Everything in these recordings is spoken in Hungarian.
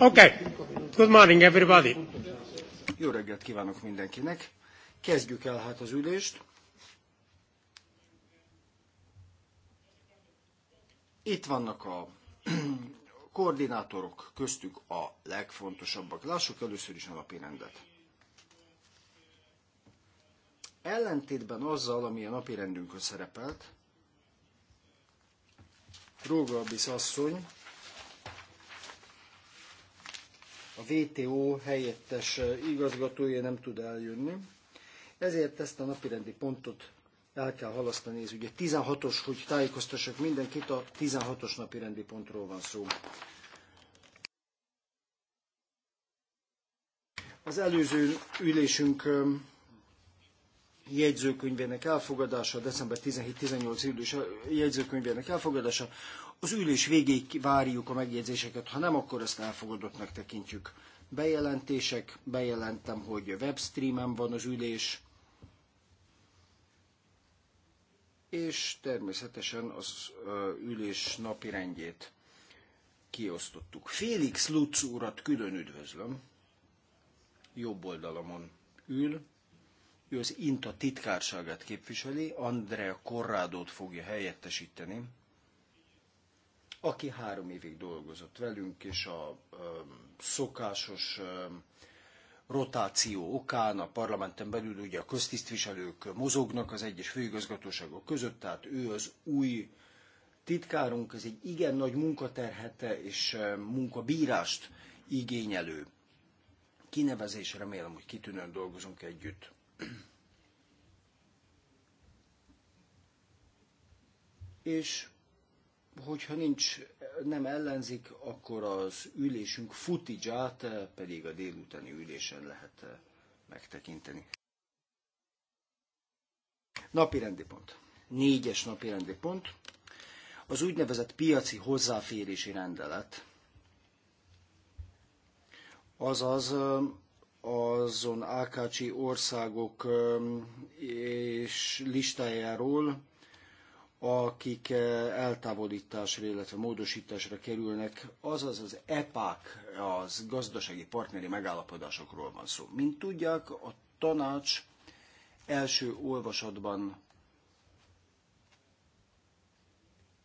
Okay. Good morning, everybody. Jó reggelt kívánok mindenkinek. Kezdjük el hát az ülést. Itt vannak a koordinátorok, köztük a legfontosabbak. Lássuk először is a napi rendet. Ellentétben azzal, ami a napi rendünkön szerepelt, Rógalbisz asszony, a VTO helyettes eh, igazgatója nem tud eljönni, ezért ezt a napirendi pontot el kell halasztani, ez ugye 16-os, hogy tájékoztassak mindenkit, a 16-os napirendi pontról van szó. Az előző ülésünk eh, jegyzőkönyvének elfogadása, december 17-18 ülés jegyzőkönyvének elfogadása. Az ülés végéig várjuk a megjegyzéseket, ha nem, akkor ezt elfogadottnak tekintjük. Bejelentések, bejelentem, hogy webstreamen van az ülés, és természetesen az ülés napi rendjét kiosztottuk. Félix Lutz urat külön üdvözlöm, jobb oldalamon ül, ő az INTA titkárságát képviseli, Andrea Corrádót fogja helyettesíteni, aki három évig dolgozott velünk, és a ö, szokásos ö, rotáció okán a parlamenten belül ugye a köztisztviselők mozognak az egyes főigazgatóságok között, tehát ő az új titkárunk, ez egy igen nagy munkaterhete és munkabírást igényelő kinevezés, remélem, hogy kitűnően dolgozunk együtt. És hogyha nincs, nem ellenzik, akkor az ülésünk futi futidzsát pedig a délutáni ülésen lehet eh, megtekinteni. Napi rendi pont. Négyes napi rendi pont. Az úgynevezett piaci hozzáférési rendelet, azaz eh, azon AKC országok és listájáról, akik eltávolításra, illetve módosításra kerülnek, azaz az EPAK, az gazdasági partneri megállapodásokról van szó. Mint tudják, a tanács első olvasatban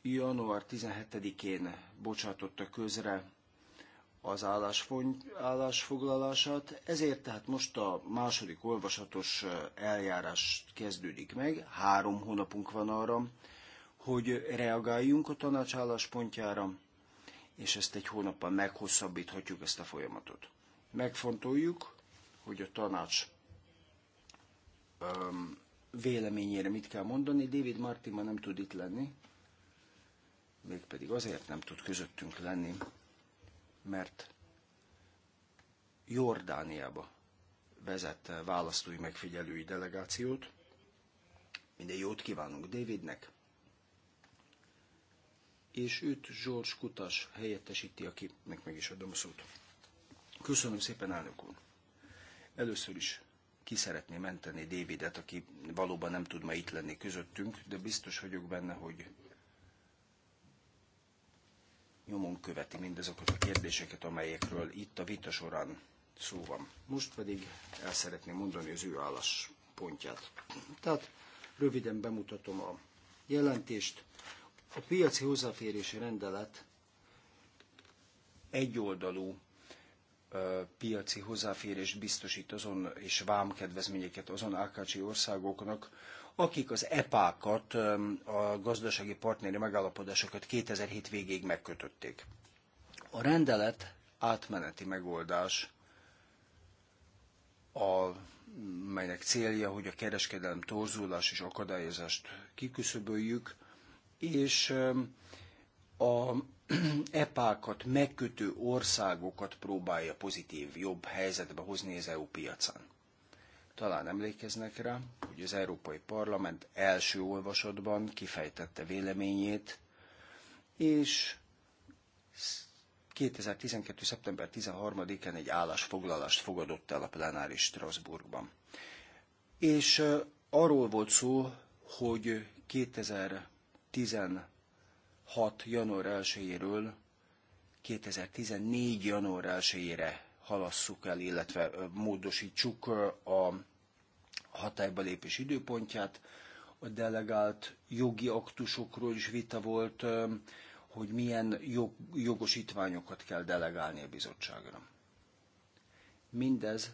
január 17-én bocsátotta közre az állásfoglalását, ezért tehát most a második olvasatos eljárás kezdődik meg, három hónapunk van arra, hogy reagáljunk a tanács álláspontjára, és ezt egy hónappal meghosszabbíthatjuk ezt a folyamatot. Megfontoljuk, hogy a tanács um, véleményére mit kell mondani. David Martin ma nem tud itt lenni, mégpedig azért nem tud közöttünk lenni, mert Jordániába vezette választói megfigyelői delegációt. Minden jót kívánunk Davidnek, és őt Zsors Kutas helyettesíti, meg, meg is adom a szót. Köszönöm szépen, elnök úr! Először is ki szeretné menteni Davidet, aki valóban nem tud ma itt lenni közöttünk, de biztos vagyok benne, hogy nyomon követi mindazokat a kérdéseket, amelyekről itt a vita során szó van. Most pedig el szeretném mondani az ő álláspontját. Tehát röviden bemutatom a jelentést. A piaci hozzáférési rendelet egyoldalú piaci hozzáférést biztosít azon és vámkedvezményeket azon AKC országoknak, akik az EPA-kat, a gazdasági partneri megállapodásokat 2007 végéig megkötötték. A rendelet átmeneti megoldás, a, melynek célja, hogy a kereskedelem torzulás és akadályozást kiküszöböljük, és a epákat e megkötő országokat próbálja pozitív, jobb helyzetbe hozni az EU piacán. Talán emlékeznek rá, hogy az Európai Parlament első olvasatban kifejtette véleményét, és 2012. szeptember 13-án egy állásfoglalást fogadott el a plenáris Strasbourgban. És arról volt szó, hogy 2016. január 1 éről 2014. január 1-ére halasszuk el, illetve módosítsuk a hatályba lépés időpontját. A delegált jogi aktusokról is vita volt, hogy milyen jog, jogosítványokat kell delegálni a bizottságra. Mindez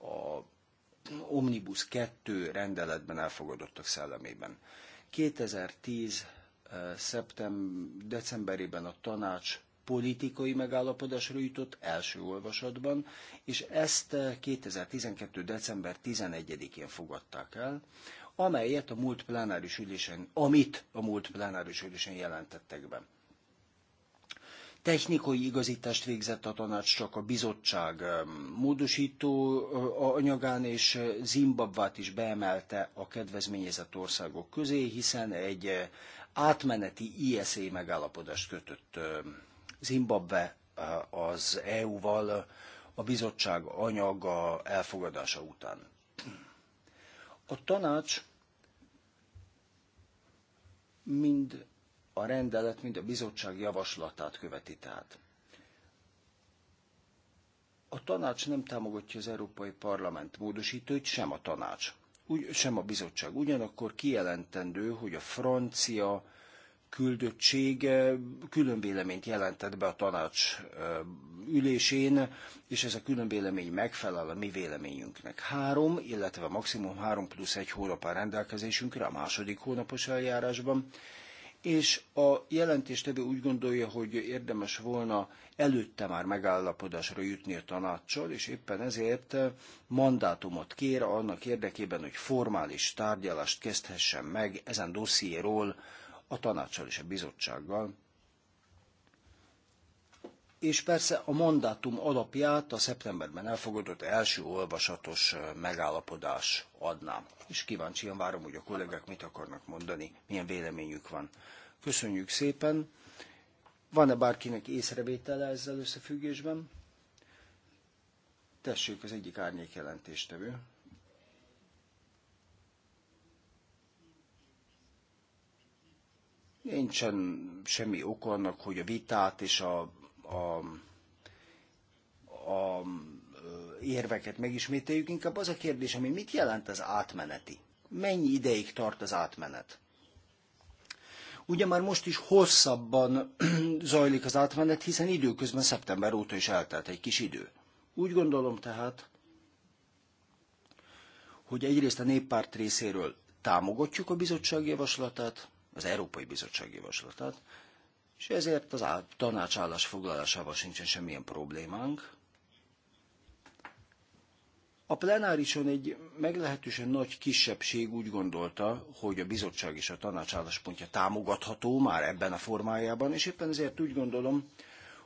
a Omnibus 2 rendeletben elfogadottak szellemében. 2010. Szeptem, decemberében a tanács politikai megállapodásra jutott első olvasatban, és ezt 2012. Eh, december 11-én fogadták el, amelyet a múlt plenáris ülésen, amit a múlt plenáris ülésen jelentettek be. Technikai igazítást végzett a tanács csak a bizottság eh, módosító eh, anyagán, és Zimbabvát is beemelte a kedvezményezett országok közé, hiszen egy átmeneti ISA megállapodást kötött Zimbabwe eh, az EU-val a bizottság anyaga elfogadása után. A tanács mind a rendelet, mind a bizottság javaslatát követi tehát. A tanács nem támogatja az Európai Parlament módosítóit, sem a tanács, sem a bizottság. Ugyanakkor kijelentendő, hogy a francia küldöttség különvéleményt jelentett be a tanács ülésén, és ez a különvélemény megfelel a mi véleményünknek. Három, illetve maximum három plusz egy hónap a rendelkezésünkre a második hónapos eljárásban, és a jelentéstevő úgy gondolja, hogy érdemes volna előtte már megállapodásra jutni a tanácssal, és éppen ezért mandátumot kér annak érdekében, hogy formális tárgyalást kezdhessen meg ezen dossziéról a tanácssal és a bizottsággal, és persze a mandátum alapját a szeptemberben elfogadott első olvasatos megállapodás adná. És kíváncsian várom, hogy a kollégák mit akarnak mondani, milyen véleményük van. Köszönjük szépen! Van-e bárkinek észrevétele ezzel összefüggésben? Tessék, az egyik árnyék jelentéstevő. Nincsen semmi ok annak, hogy a vitát és a, a, a érveket megismételjük, inkább az a kérdés, ami mit jelent az átmeneti? Mennyi ideig tart az átmenet? Ugye már most is hosszabban zajlik az átmenet, hiszen időközben szeptember óta is eltelt egy kis idő. Úgy gondolom tehát, hogy egyrészt a néppárt részéről támogatjuk a bizottság javaslatát, az Európai Bizottság javaslatát, és ezért az á, tanács állásfoglalásával sincsen semmilyen problémánk. A plenárison egy meglehetősen nagy kisebbség úgy gondolta, hogy a bizottság és a tanács álláspontja támogatható már ebben a formájában, és éppen ezért úgy gondolom,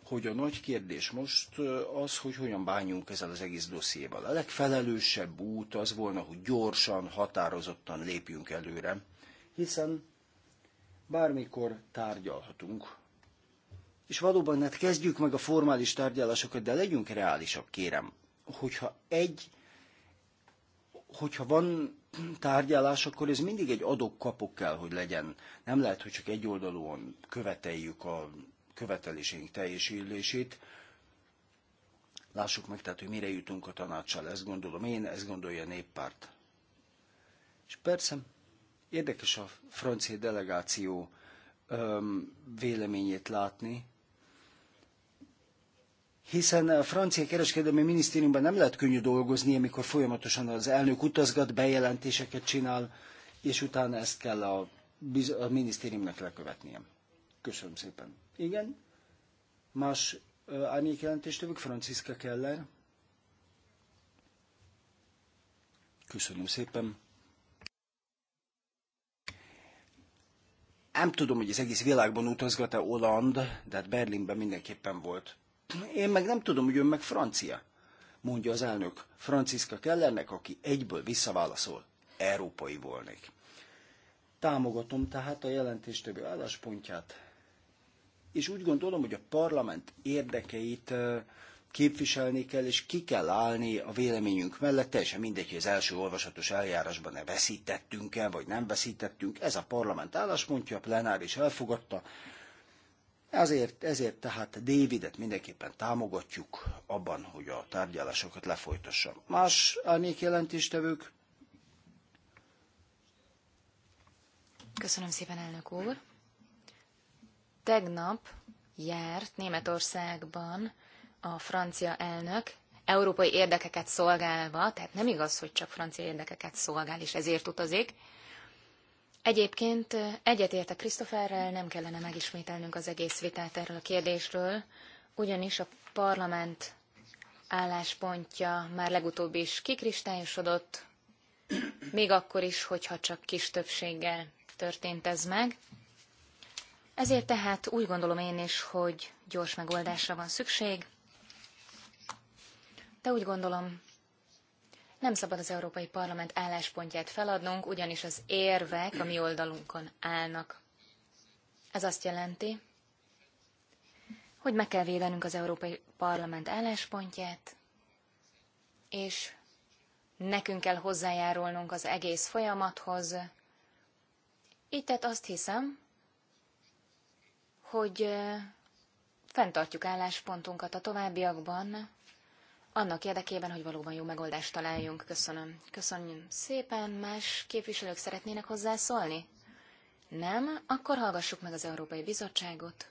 hogy a nagy kérdés most az, hogy hogyan bánjunk ezzel az egész dossziéval. A legfelelősebb út az volna, hogy gyorsan, határozottan lépjünk előre, hiszen bármikor tárgyalhatunk. És valóban hát kezdjük meg a formális tárgyalásokat, de legyünk reálisak, kérem. Hogyha egy, hogyha van tárgyalás, akkor ez mindig egy adok-kapok kell, hogy legyen. Nem lehet, hogy csak egy oldalúan követeljük a követelésénk teljesülését. Lássuk meg tehát, hogy mire jutunk a tanácssal. Ezt gondolom én, ezt gondolja a néppárt. És persze, Érdekes a francia delegáció véleményét látni, hiszen a francia kereskedelmi minisztériumban nem lehet könnyű dolgozni, amikor folyamatosan az elnök utazgat, bejelentéseket csinál, és utána ezt kell a, a minisztériumnak lekövetnie. Köszönöm szépen. Igen. Más árnyékjelentéstevők, Franciszka Keller. Köszönöm szépen. nem tudom, hogy az egész világban utazgat-e Oland, de hát Berlinben mindenképpen volt. Én meg nem tudom, hogy ön meg francia, mondja az elnök Franciszka Kellernek, aki egyből visszaválaszol. Európai volnék. Támogatom tehát a jelentés többi álláspontját, és úgy gondolom, hogy a parlament érdekeit képviselni kell, és ki kell állni a véleményünk mellett, teljesen mindegy, hogy az első olvasatos eljárásban ne veszítettünk el, vagy nem veszítettünk, ez a parlament álláspontja, a plenáris elfogadta, ezért, ezért tehát Davidet mindenképpen támogatjuk abban, hogy a tárgyalásokat lefolytassa. Más árnyék jelentéstevők? Köszönöm szépen, elnök úr. Tegnap járt Németországban a francia elnök európai érdekeket szolgálva, tehát nem igaz, hogy csak francia érdekeket szolgál, és ezért utazik. Egyébként egyetértek Krisztoferrel, nem kellene megismételnünk az egész vitát erről a kérdésről, ugyanis a parlament álláspontja már legutóbb is kikristályosodott, még akkor is, hogyha csak kis többséggel történt ez meg. Ezért tehát úgy gondolom én is, hogy gyors megoldásra van szükség, de úgy gondolom, nem szabad az Európai Parlament álláspontját feladnunk, ugyanis az érvek a mi oldalunkon állnak. Ez azt jelenti, hogy meg kell védenünk az Európai Parlament álláspontját, és nekünk kell hozzájárulnunk az egész folyamathoz. Így tehát azt hiszem, hogy fenntartjuk álláspontunkat a továbbiakban, annak érdekében, hogy valóban jó megoldást találjunk. Köszönöm. Köszönjük szépen. Más képviselők szeretnének hozzászólni? Nem? Akkor hallgassuk meg az Európai Bizottságot.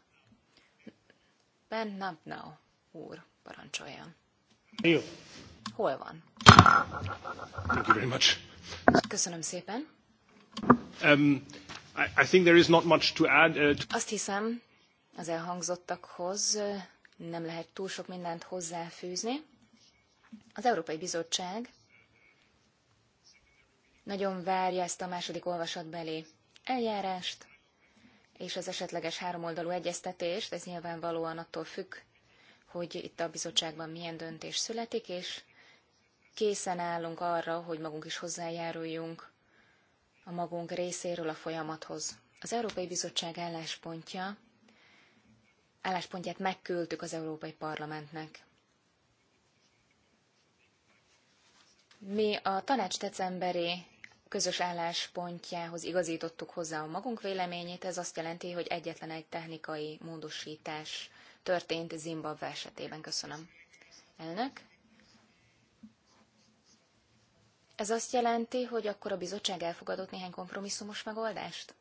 Ben Napnau úr, parancsoljon. Jó. Hol van? Thank you very much. Köszönöm szépen. Um, I, I think there is not much to add. Uh, to... Azt hiszem, az elhangzottakhoz uh, nem lehet túl sok mindent hozzáfűzni. Az Európai Bizottság nagyon várja ezt a második olvasatbeli eljárást, és az esetleges háromoldalú egyeztetést, ez nyilvánvalóan attól függ, hogy itt a bizottságban milyen döntés születik, és készen állunk arra, hogy magunk is hozzájáruljunk a magunk részéről a folyamathoz. Az Európai Bizottság álláspontja, álláspontját megküldtük az Európai Parlamentnek. Mi a tanács decemberi közös álláspontjához igazítottuk hozzá a magunk véleményét, ez azt jelenti, hogy egyetlen egy technikai módosítás történt Zimbabwe esetében. Köszönöm. Elnök? Ez azt jelenti, hogy akkor a bizottság elfogadott néhány kompromisszumos megoldást?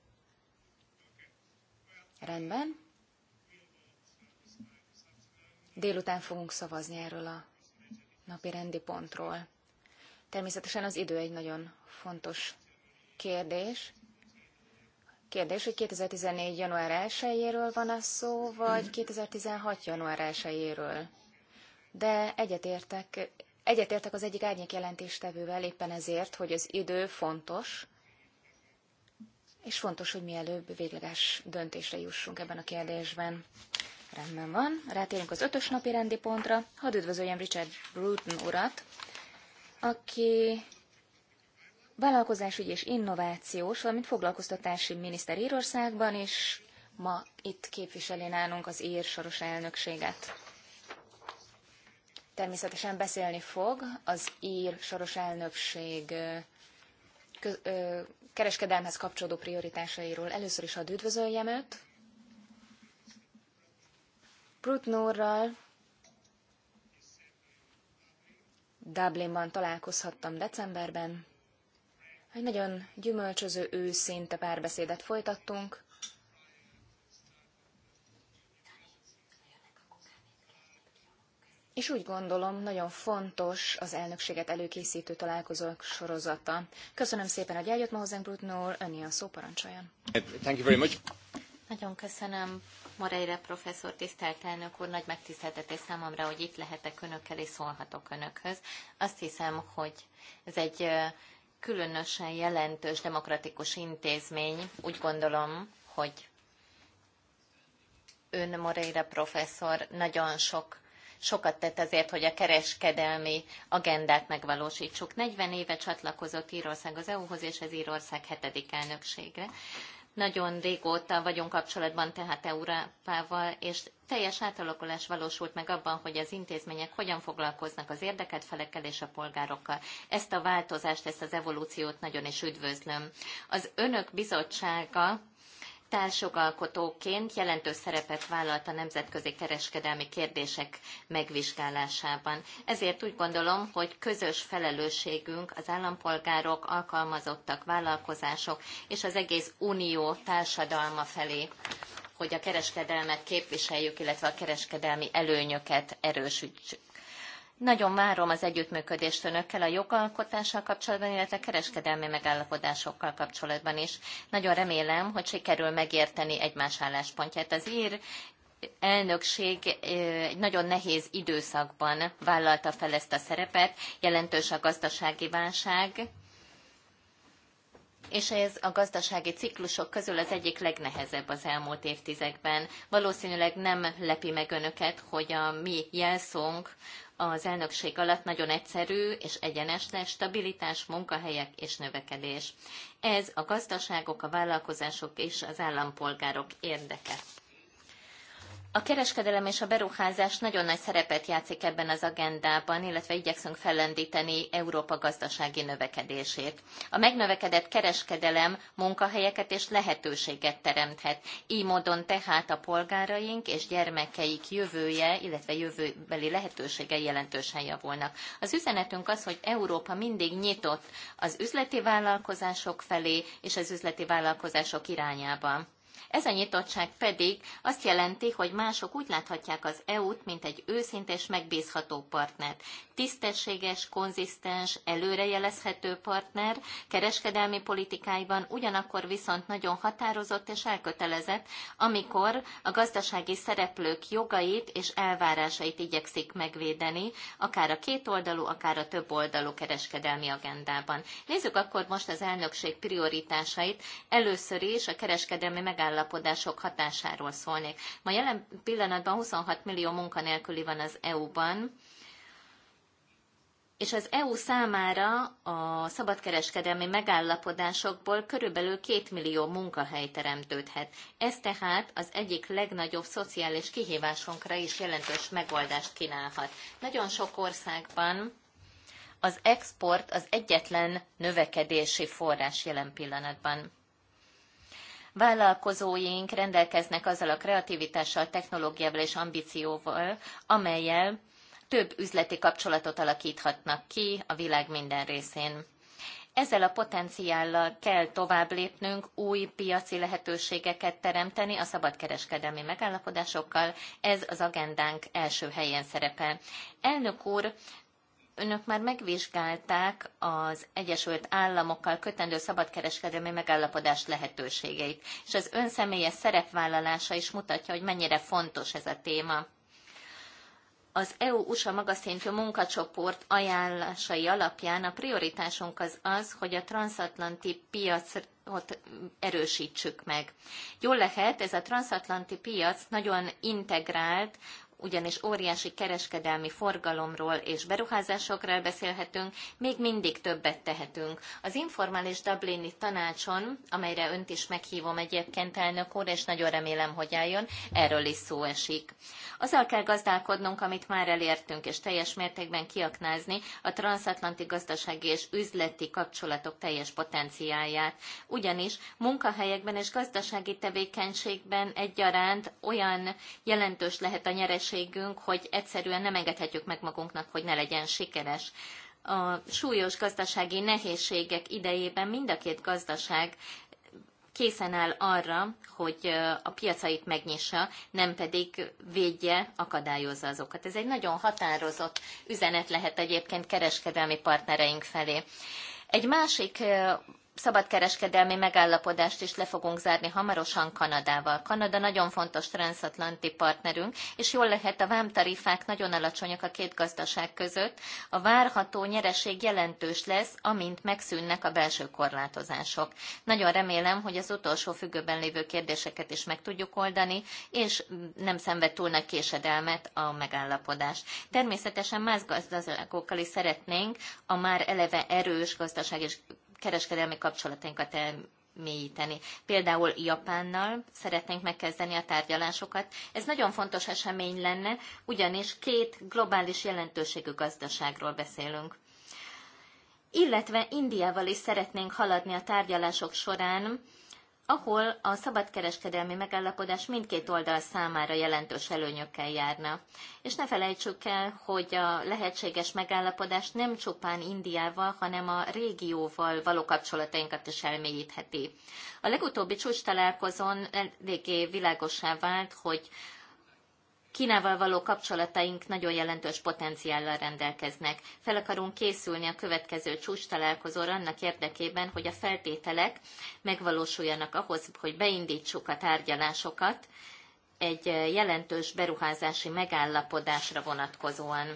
Rendben. Délután fogunk szavazni erről a napi rendi pontról. Természetesen az idő egy nagyon fontos kérdés. Kérdés, hogy 2014. január 1-éről van a szó, vagy 2016. január 1-éről. De egyetértek, egyetértek az egyik árnyék jelentéstevővel éppen ezért, hogy az idő fontos, és fontos, hogy mielőbb végleges döntésre jussunk ebben a kérdésben. Rendben van, rátérünk az ötös napi rendi pontra. Hadd üdvözöljem Richard Bruton urat, aki vállalkozásügy és innovációs, valamint foglalkoztatási miniszter Írországban, és ma itt képviseli nálunk az ír soros elnökséget. Természetesen beszélni fog az ír soros elnökség kereskedelmhez kapcsolódó prioritásairól. Először is a üdvözöljem őt. Brutnórral Dublinban találkozhattam decemberben. Egy nagyon gyümölcsöző, őszinte párbeszédet folytattunk. És úgy gondolom, nagyon fontos az elnökséget előkészítő találkozók sorozata. Köszönöm szépen, hogy eljött ma hozzánk, Brutnó úr, a szó parancsoljon. Thank you very much. Nagyon köszönöm, Moreira professzor, tisztelt elnök úr, nagy megtiszteltetés számomra, hogy itt lehetek önökkel és szólhatok önökhöz. Azt hiszem, hogy ez egy különösen jelentős demokratikus intézmény. Úgy gondolom, hogy ön Moreira professzor nagyon sok sokat tett azért, hogy a kereskedelmi agendát megvalósítsuk. 40 éve csatlakozott Írország az EU-hoz, és ez Írország hetedik elnökségre. Nagyon régóta vagyunk kapcsolatban tehát Európával, és teljes átalakulás valósult meg abban, hogy az intézmények hogyan foglalkoznak az érdekelt felekkel és a polgárokkal. Ezt a változást, ezt az evolúciót nagyon is üdvözlöm. Az önök bizottsága társjogalkotóként jelentős szerepet vállalt a nemzetközi kereskedelmi kérdések megvizsgálásában. Ezért úgy gondolom, hogy közös felelősségünk az állampolgárok, alkalmazottak, vállalkozások és az egész unió társadalma felé hogy a kereskedelmet képviseljük, illetve a kereskedelmi előnyöket erősítsük. Nagyon várom az együttműködést önökkel a jogalkotással kapcsolatban, illetve kereskedelmi megállapodásokkal kapcsolatban is. Nagyon remélem, hogy sikerül megérteni egymás álláspontját. Az ír elnökség egy nagyon nehéz időszakban vállalta fel ezt a szerepet, jelentős a gazdasági válság, és ez a gazdasági ciklusok közül az egyik legnehezebb az elmúlt évtizedekben. Valószínűleg nem lepi meg önöket, hogy a mi jelszónk az elnökség alatt nagyon egyszerű és egyenes lesz stabilitás, munkahelyek és növekedés. Ez a gazdaságok, a vállalkozások és az állampolgárok érdeke. A kereskedelem és a beruházás nagyon nagy szerepet játszik ebben az agendában, illetve igyekszünk fellendíteni Európa gazdasági növekedését. A megnövekedett kereskedelem munkahelyeket és lehetőséget teremthet. Így módon tehát a polgáraink és gyermekeik jövője, illetve jövőbeli lehetőségei jelentősen javulnak. Az üzenetünk az, hogy Európa mindig nyitott az üzleti vállalkozások felé és az üzleti vállalkozások irányába ez a nyitottság pedig azt jelenti, hogy mások úgy láthatják az EU-t, mint egy őszintes, megbízható partnert. Tisztességes, konzisztens, előrejelezhető partner kereskedelmi politikáiban, ugyanakkor viszont nagyon határozott és elkötelezett, amikor a gazdasági szereplők jogait és elvárásait igyekszik megvédeni, akár a kétoldalú, akár a többoldalú kereskedelmi agendában. Nézzük akkor most az elnökség prioritásait. Először is a kereskedelmi megállapodásokat megállapodások hatásáról szólnék. Ma jelen pillanatban 26 millió munkanélküli van az EU-ban, és az EU számára a szabadkereskedelmi megállapodásokból körülbelül 2 millió munkahely teremtődhet. Ez tehát az egyik legnagyobb szociális kihívásunkra is jelentős megoldást kínálhat. Nagyon sok országban az export az egyetlen növekedési forrás jelen pillanatban. Vállalkozóink rendelkeznek azzal a kreativitással, technológiával és ambícióval, amelyel több üzleti kapcsolatot alakíthatnak ki a világ minden részén. Ezzel a potenciállal kell tovább lépnünk, új piaci lehetőségeket teremteni a szabadkereskedelmi megállapodásokkal. Ez az agendánk első helyen szerepel. Elnök úr, önök már megvizsgálták az Egyesült Államokkal kötendő szabadkereskedelmi megállapodás lehetőségeit, és az ön személyes szerepvállalása is mutatja, hogy mennyire fontos ez a téma. Az EU-USA magaszintű munkacsoport ajánlásai alapján a prioritásunk az az, hogy a transatlanti piacot erősítsük meg. Jól lehet, ez a transatlanti piac nagyon integrált ugyanis óriási kereskedelmi forgalomról és beruházásokról beszélhetünk, még mindig többet tehetünk. Az informális Dublini tanácson, amelyre önt is meghívom egyébként elnök úr, és nagyon remélem, hogy eljön, erről is szó esik. Azzal kell gazdálkodnunk, amit már elértünk, és teljes mértékben kiaknázni a transatlanti gazdasági és üzleti kapcsolatok teljes potenciáját. Ugyanis munkahelyekben és gazdasági tevékenységben egyaránt olyan jelentős lehet a nyeres felelősségünk, hogy egyszerűen nem engedhetjük meg magunknak, hogy ne legyen sikeres. A súlyos gazdasági nehézségek idejében mind a két gazdaság készen áll arra, hogy a piacait megnyissa, nem pedig védje, akadályozza azokat. Ez egy nagyon határozott üzenet lehet egyébként kereskedelmi partnereink felé. Egy másik szabadkereskedelmi megállapodást is le fogunk zárni hamarosan Kanadával. Kanada nagyon fontos transatlanti partnerünk, és jól lehet a vámtarifák nagyon alacsonyak a két gazdaság között. A várható nyereség jelentős lesz, amint megszűnnek a belső korlátozások. Nagyon remélem, hogy az utolsó függőben lévő kérdéseket is meg tudjuk oldani, és nem szenved túl nagy késedelmet a megállapodás. Természetesen más gazdaságokkal is szeretnénk a már eleve erős gazdaság és kereskedelmi kapcsolatainkat mélyíteni. Például Japánnal szeretnénk megkezdeni a tárgyalásokat. Ez nagyon fontos esemény lenne, ugyanis két globális jelentőségű gazdaságról beszélünk. Illetve Indiával is szeretnénk haladni a tárgyalások során, ahol a szabadkereskedelmi megállapodás mindkét oldal számára jelentős előnyökkel járna. És ne felejtsük el, hogy a lehetséges megállapodás nem csupán Indiával, hanem a régióval való kapcsolatainkat is elmélyítheti. A legutóbbi csúcs találkozón eléggé világosá vált, hogy Kínával való kapcsolataink nagyon jelentős potenciállal rendelkeznek. Fel akarunk készülni a következő csúcs találkozóra annak érdekében, hogy a feltételek megvalósuljanak ahhoz, hogy beindítsuk a tárgyalásokat egy jelentős beruházási megállapodásra vonatkozóan.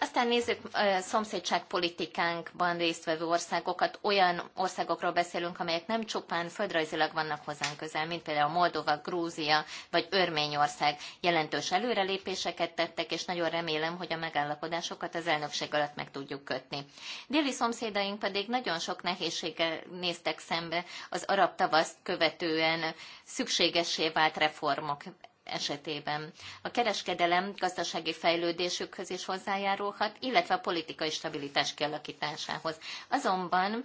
Aztán nézzük szomszédságpolitikánkban résztvevő országokat. Olyan országokról beszélünk, amelyek nem csupán földrajzilag vannak hozzánk közel, mint például Moldova, Grúzia vagy Örményország. Jelentős előrelépéseket tettek, és nagyon remélem, hogy a megállapodásokat az elnökség alatt meg tudjuk kötni. Déli szomszédaink pedig nagyon sok nehézséggel néztek szembe az arab tavaszt követően szükségessé vált reformok esetében. A kereskedelem gazdasági fejlődésükhöz is hozzájárulhat, illetve a politikai stabilitás kialakításához. Azonban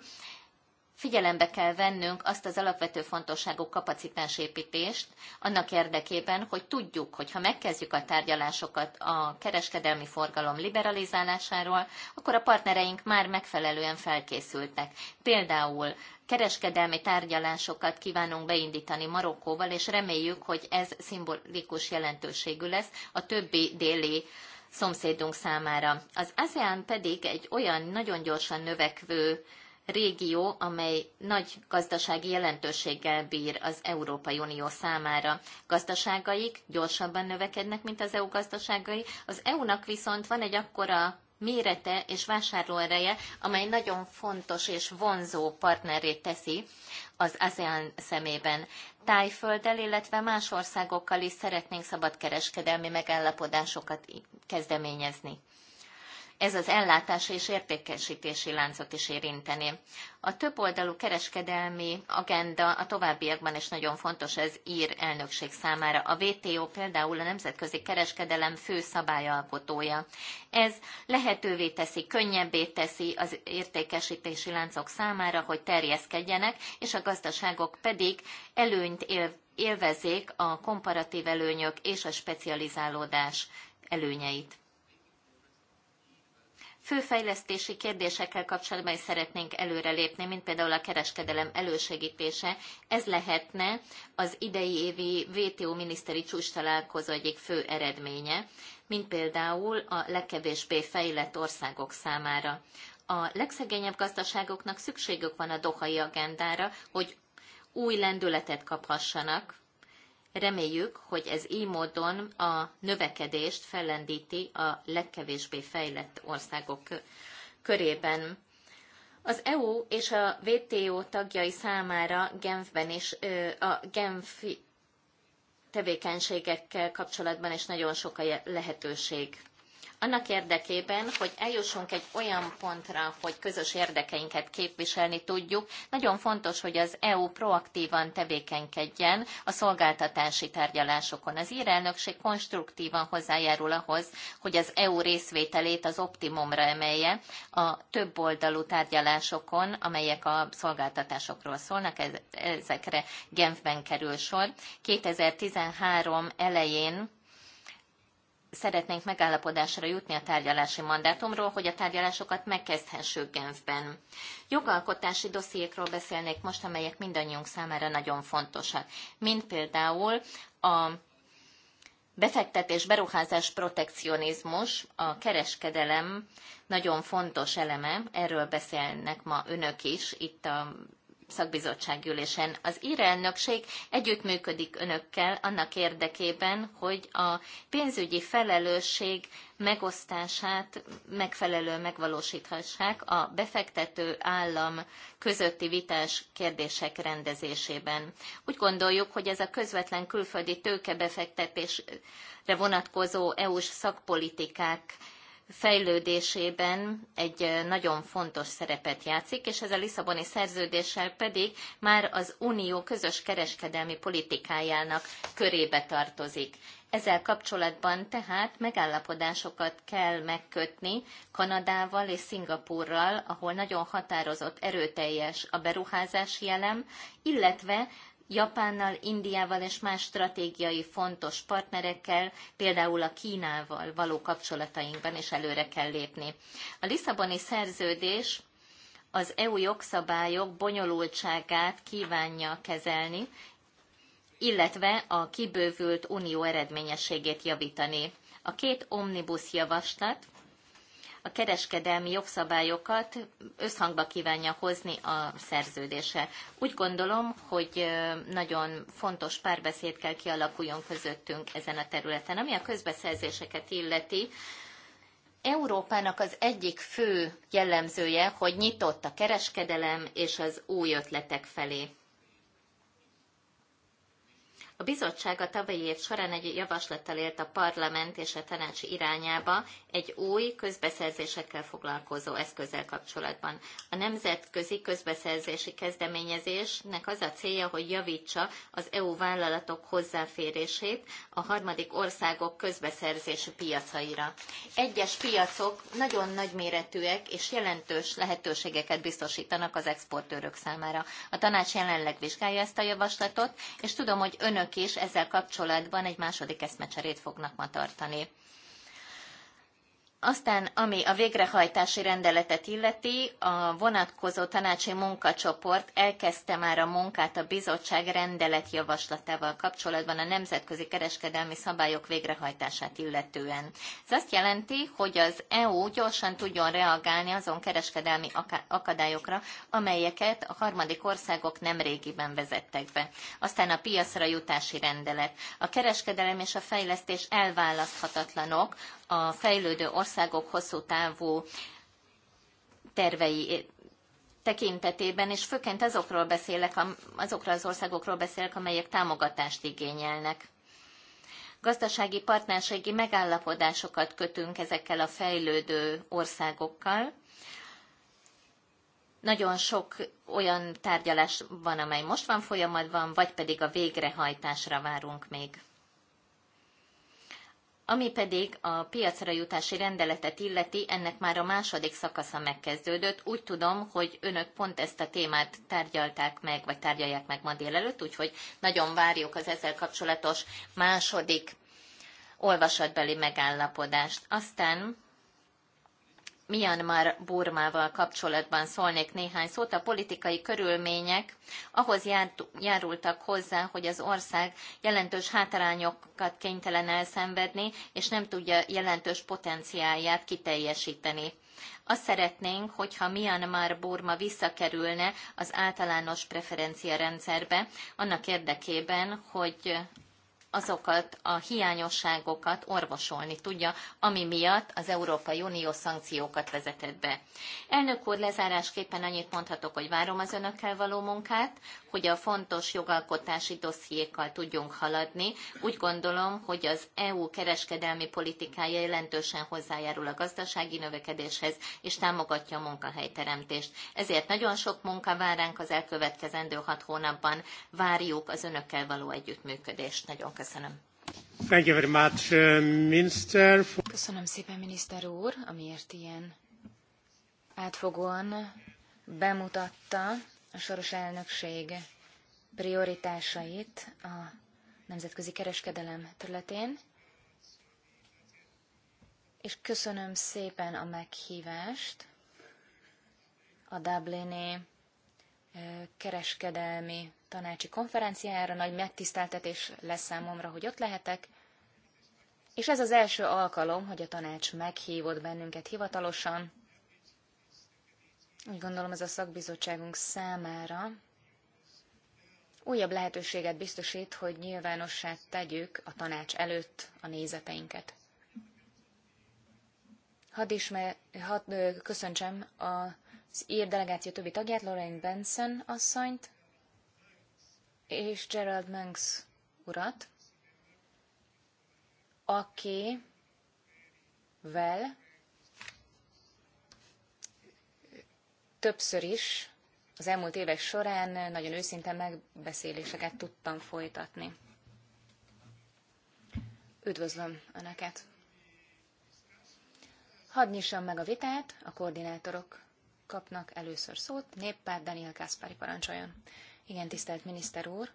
figyelembe kell vennünk azt az alapvető fontosságú kapacitásépítést annak érdekében, hogy tudjuk, hogy ha megkezdjük a tárgyalásokat a kereskedelmi forgalom liberalizálásáról, akkor a partnereink már megfelelően felkészültek. Például kereskedelmi tárgyalásokat kívánunk beindítani Marokkóval, és reméljük, hogy ez szimbolikus jelentőségű lesz a többi déli szomszédunk számára. Az ASEAN pedig egy olyan nagyon gyorsan növekvő régió, amely nagy gazdasági jelentőséggel bír az Európai Unió számára. Gazdaságaik gyorsabban növekednek, mint az EU gazdaságai. Az EU-nak viszont van egy akkora mérete és vásárlóereje, amely nagyon fontos és vonzó partnerét teszi az ASEAN szemében. Tájfölddel, illetve más országokkal is szeretnénk szabadkereskedelmi megállapodásokat kezdeményezni ez az ellátási és értékesítési láncot is érinteni. A többoldalú kereskedelmi agenda a továbbiakban is nagyon fontos ez ír elnökség számára. A WTO például a nemzetközi kereskedelem fő szabályalkotója. Ez lehetővé teszi, könnyebbé teszi az értékesítési láncok számára, hogy terjeszkedjenek, és a gazdaságok pedig előnyt élvezék a komparatív előnyök és a specializálódás előnyeit. Fő fejlesztési kérdésekkel kapcsolatban is szeretnénk előrelépni, mint például a kereskedelem elősegítése. Ez lehetne az idei évi WTO miniszteri csúcs találkozó egyik fő eredménye, mint például a legkevésbé fejlett országok számára. A legszegényebb gazdaságoknak szükségük van a dohai agendára, hogy új lendületet kaphassanak, Reméljük, hogy ez így módon a növekedést fellendíti a legkevésbé fejlett országok körében. Az EU és a WTO tagjai számára Genfben is a Genfi tevékenységekkel kapcsolatban is nagyon sok a lehetőség annak érdekében, hogy eljussunk egy olyan pontra, hogy közös érdekeinket képviselni tudjuk, nagyon fontos, hogy az EU proaktívan tevékenykedjen a szolgáltatási tárgyalásokon. Az írelnökség konstruktívan hozzájárul ahhoz, hogy az EU részvételét az optimumra emelje a többoldalú tárgyalásokon, amelyek a szolgáltatásokról szólnak, ezekre Genfben kerül sor. 2013 elején szeretnénk megállapodásra jutni a tárgyalási mandátumról, hogy a tárgyalásokat megkezdhessük Genfben. Jogalkotási dossziékról beszélnék most, amelyek mindannyiunk számára nagyon fontosak, mint például a befektetés, beruházás, protekcionizmus, a kereskedelem nagyon fontos eleme, erről beszélnek ma önök is itt a szakbizottságülésen. Az ír elnökség együttműködik önökkel annak érdekében, hogy a pénzügyi felelősség megosztását megfelelően megvalósíthassák a befektető állam közötti vitás kérdések rendezésében. Úgy gondoljuk, hogy ez a közvetlen külföldi tőkebefektetésre vonatkozó EU-s szakpolitikák fejlődésében egy nagyon fontos szerepet játszik, és ez a Lisszaboni szerződéssel pedig már az Unió közös kereskedelmi politikájának körébe tartozik. Ezzel kapcsolatban tehát megállapodásokat kell megkötni Kanadával és Szingapúrral, ahol nagyon határozott, erőteljes a beruházási elem, illetve Japánnal, Indiával és más stratégiai fontos partnerekkel, például a Kínával való kapcsolatainkban is előre kell lépni. A Lisszaboni szerződés az EU jogszabályok bonyolultságát kívánja kezelni, illetve a kibővült unió eredményességét javítani. A két omnibus javaslat a kereskedelmi jogszabályokat összhangba kívánja hozni a szerződéssel. Úgy gondolom, hogy nagyon fontos párbeszéd kell kialakuljon közöttünk ezen a területen. Ami a közbeszerzéseket illeti, Európának az egyik fő jellemzője, hogy nyitott a kereskedelem és az új ötletek felé. A bizottság a tavalyi év során egy javaslattal élt a parlament és a tanács irányába egy új közbeszerzésekkel foglalkozó eszközzel kapcsolatban. A nemzetközi közbeszerzési kezdeményezésnek az a célja, hogy javítsa az EU vállalatok hozzáférését a harmadik országok közbeszerzési piacaira. Egyes piacok nagyon nagyméretűek és jelentős lehetőségeket biztosítanak az exportőrök számára. A tanács jelenleg vizsgálja ezt a javaslatot, és tudom, hogy önök önök is ezzel kapcsolatban egy második eszmecserét fognak ma tartani. Aztán, ami a végrehajtási rendeletet illeti, a vonatkozó tanácsi munkacsoport elkezdte már a munkát a bizottság rendelet javaslatával kapcsolatban a nemzetközi kereskedelmi szabályok végrehajtását illetően. Ez azt jelenti, hogy az EU gyorsan tudjon reagálni azon kereskedelmi akadályokra, amelyeket a harmadik országok nem régiben vezettek be. Aztán a piacra jutási rendelet. A kereskedelem és a fejlesztés elválaszthatatlanok a fejlődő országok hosszú távú tervei tekintetében, és főként azokról beszélek, azokról az országokról beszélek, amelyek támogatást igényelnek. Gazdasági partnerségi megállapodásokat kötünk ezekkel a fejlődő országokkal. Nagyon sok olyan tárgyalás van, amely most van folyamatban, vagy pedig a végrehajtásra várunk még. Ami pedig a piacra jutási rendeletet illeti, ennek már a második szakasza megkezdődött. Úgy tudom, hogy önök pont ezt a témát tárgyalták meg, vagy tárgyalják meg ma délelőtt, úgyhogy nagyon várjuk az ezzel kapcsolatos második olvasatbeli megállapodást. Aztán Myanmar Burmával kapcsolatban szólnék néhány szót. A politikai körülmények ahhoz járultak hozzá, hogy az ország jelentős hátrányokat kénytelen elszenvedni, és nem tudja jelentős potenciálját kiteljesíteni. Azt szeretnénk, hogyha Myanmar Burma visszakerülne az általános preferencia rendszerbe, annak érdekében, hogy azokat a hiányosságokat orvosolni tudja, ami miatt az Európai Unió szankciókat vezetett be. Elnök úr, lezárásképpen annyit mondhatok, hogy várom az önökkel való munkát, hogy a fontos jogalkotási dossziékkal tudjunk haladni. Úgy gondolom, hogy az EU kereskedelmi politikája jelentősen hozzájárul a gazdasági növekedéshez, és támogatja a munkahelyteremtést. Ezért nagyon sok munka vár ránk az elkövetkezendő hat hónapban. Várjuk az önökkel való együttműködést. Nagyon Köszönöm. Thank you very much, uh, minister. Köszönöm szépen, miniszter úr, amiért ilyen átfogóan bemutatta a soros elnökség prioritásait a nemzetközi kereskedelem területén. És köszönöm szépen a meghívást a Dublini kereskedelmi tanácsi konferenciára, nagy megtiszteltetés lesz számomra, hogy ott lehetek, és ez az első alkalom, hogy a tanács meghívott bennünket hivatalosan. Úgy gondolom ez a szakbizottságunk számára újabb lehetőséget biztosít, hogy nyilvánossá tegyük a tanács előtt a nézeteinket. Hadd, ismer, hadd köszöntsem az ír delegáció többi tagját, Lorraine Benson asszonyt, és Gerald Manks urat, aki vel többször is az elmúlt évek során nagyon őszinte megbeszéléseket tudtam folytatni. Üdvözlöm Önöket! Hadd nyissam meg a vitát, a koordinátorok kapnak először szót, néppárt Daniel Kászpári parancsoljon. Igen, tisztelt miniszter úr.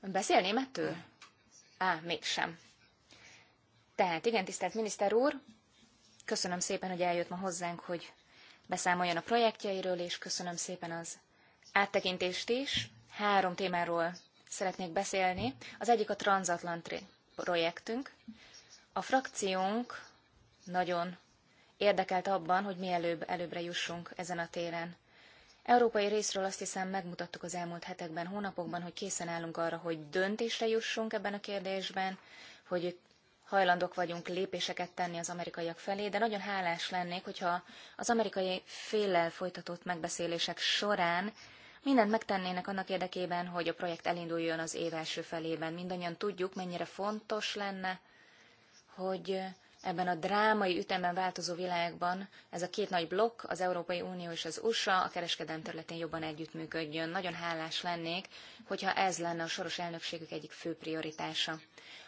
beszél németül? Á, mégsem. Tehát igen, tisztelt miniszter úr, köszönöm szépen, hogy eljött ma hozzánk, hogy beszámoljon a projektjeiről, és köszönöm szépen az áttekintést is. Három témáról szeretnék beszélni. Az egyik a transatlanti projektünk. A frakciónk nagyon érdekelt abban, hogy mielőbb előbbre jussunk ezen a téren. Európai részről azt hiszem megmutattuk az elmúlt hetekben, hónapokban, hogy készen állunk arra, hogy döntésre jussunk ebben a kérdésben, hogy hajlandók vagyunk lépéseket tenni az amerikaiak felé, de nagyon hálás lennék, hogyha az amerikai féllel folytatott megbeszélések során mindent megtennének annak érdekében, hogy a projekt elinduljon az év első felében. Mindannyian tudjuk, mennyire fontos lenne, hogy ebben a drámai ütemben változó világban ez a két nagy blokk, az Európai Unió és az USA a kereskedelm területén jobban együttműködjön. Nagyon hálás lennék, hogyha ez lenne a soros elnökségük egyik fő prioritása.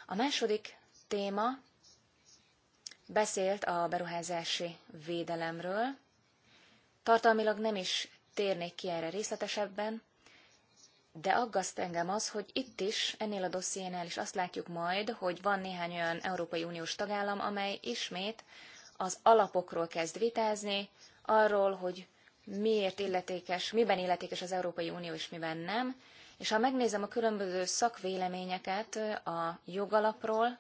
A második téma beszélt a beruházási védelemről. Tartalmilag nem is térnék ki erre részletesebben, de aggaszt engem az, hogy itt is, ennél a dossziénél is azt látjuk majd, hogy van néhány olyan Európai Uniós tagállam, amely ismét az alapokról kezd vitázni, arról, hogy miért illetékes, miben illetékes az Európai Unió és miben nem. És ha megnézem a különböző szakvéleményeket a jogalapról,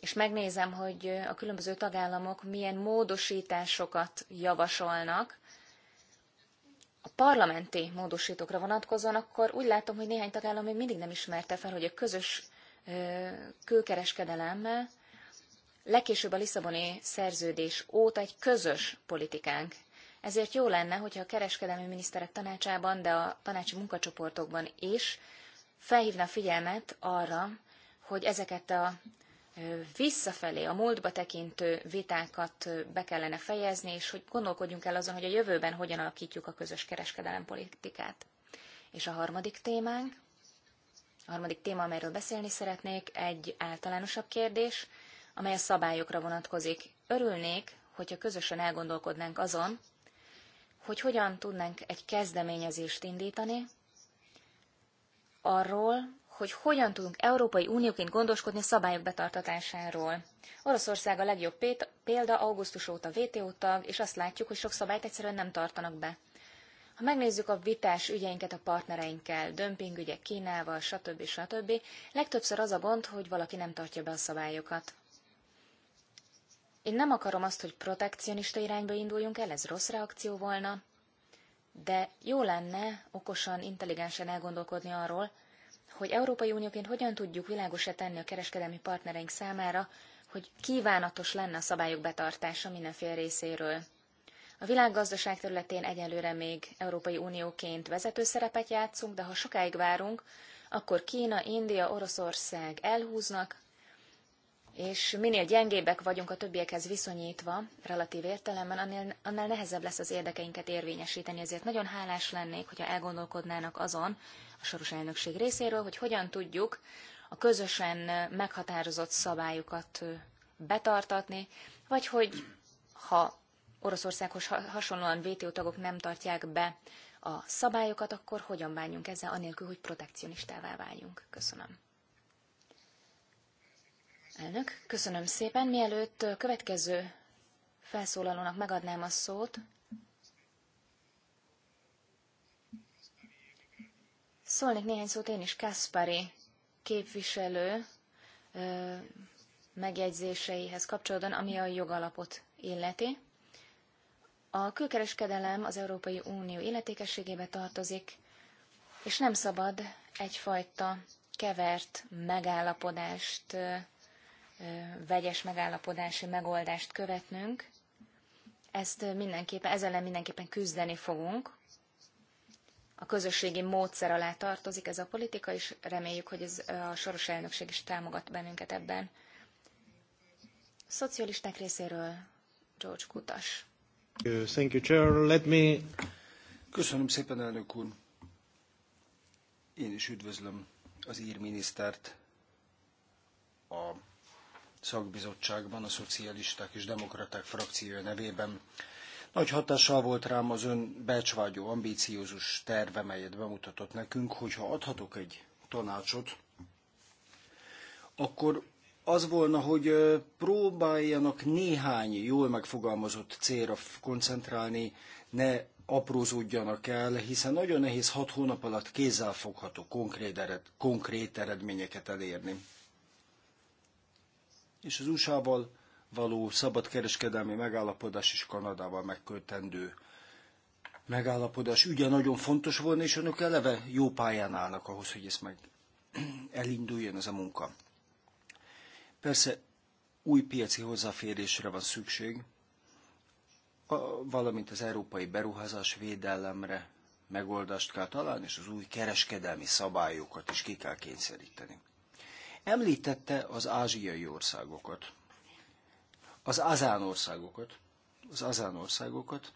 és megnézem, hogy a különböző tagállamok milyen módosításokat javasolnak, a parlamenti módosítókra vonatkozóan, akkor úgy látom, hogy néhány tagállam még mindig nem ismerte fel, hogy a közös külkereskedelem legkésőbb a Lisszaboni szerződés óta egy közös politikánk. Ezért jó lenne, hogyha a kereskedelmi miniszterek tanácsában, de a tanácsi munkacsoportokban is felhívna figyelmet arra, hogy ezeket a visszafelé, a múltba tekintő vitákat be kellene fejezni, és hogy gondolkodjunk el azon, hogy a jövőben hogyan alakítjuk a közös kereskedelempolitikát. És a harmadik témánk, a harmadik téma, amelyről beszélni szeretnék, egy általánosabb kérdés, amely a szabályokra vonatkozik. Örülnék, hogyha közösen elgondolkodnánk azon, hogy hogyan tudnánk egy kezdeményezést indítani arról, hogy hogyan tudunk Európai Unióként gondoskodni a szabályok betartatásáról. Oroszország a legjobb példa, augusztus óta WTO tag, és azt látjuk, hogy sok szabályt egyszerűen nem tartanak be. Ha megnézzük a vitás ügyeinket a partnereinkkel, dömpingügyek Kínával, stb. stb., legtöbbször az a gond, hogy valaki nem tartja be a szabályokat. Én nem akarom azt, hogy protekcionista irányba induljunk el, ez rossz reakció volna, de jó lenne okosan, intelligensen elgondolkodni arról, hogy Európai Unióként hogyan tudjuk világosra tenni a kereskedelmi partnereink számára, hogy kívánatos lenne a szabályok betartása mindenféle részéről. A világgazdaság területén egyelőre még Európai Unióként vezető szerepet játszunk, de ha sokáig várunk, akkor Kína, India, Oroszország elhúznak, és minél gyengébbek vagyunk a többiekhez viszonyítva, relatív értelemben, annál, annál nehezebb lesz az érdekeinket érvényesíteni, ezért nagyon hálás lennék, hogyha elgondolkodnának azon, soros elnökség részéről, hogy hogyan tudjuk a közösen meghatározott szabályokat betartatni, vagy hogy ha Oroszországhoz hasonlóan WTO tagok nem tartják be a szabályokat, akkor hogyan bánjunk ezzel, anélkül, hogy protekcionistává váljunk. Köszönöm. Elnök, köszönöm szépen. Mielőtt következő felszólalónak megadnám a szót, Szólnék néhány szót én is Kaspari képviselő ö, megjegyzéseihez kapcsolódóan, ami a jogalapot illeti. A külkereskedelem az Európai Unió illetékességébe tartozik, és nem szabad egyfajta kevert megállapodást, ö, vegyes megállapodási megoldást követnünk. Ezt mindenképpen, ezzel mindenképpen küzdeni fogunk, a közösségi módszer alá tartozik ez a politika, és reméljük, hogy ez a soros elnökség is támogat bennünket ebben. Szocialisták részéről George Kutas. Thank you, Chair. Let me... Köszönöm szépen, elnök úr. Én is üdvözlöm az ír minisztert a szakbizottságban, a szocialisták és demokraták frakciója nevében. Nagy hatással volt rám az ön becsvágyó, ambíciózus terve, melyet bemutatott nekünk, hogyha adhatok egy tanácsot, akkor az volna, hogy próbáljanak néhány jól megfogalmazott célra koncentrálni, ne aprózódjanak el, hiszen nagyon nehéz hat hónap alatt kézzelfogható konkrét, ered, konkrét eredményeket elérni. És az USA-val való szabadkereskedelmi megállapodás és Kanadával megkötendő megállapodás ügye nagyon fontos volna, és önök eleve jó pályán állnak ahhoz, hogy ezt meg elinduljon ez a munka. Persze új piaci hozzáférésre van szükség, valamint az európai beruházás védelemre megoldást kell találni, és az új kereskedelmi szabályokat is ki kell kényszeríteni. Említette az ázsiai országokat az azán országokat, az azán országokat,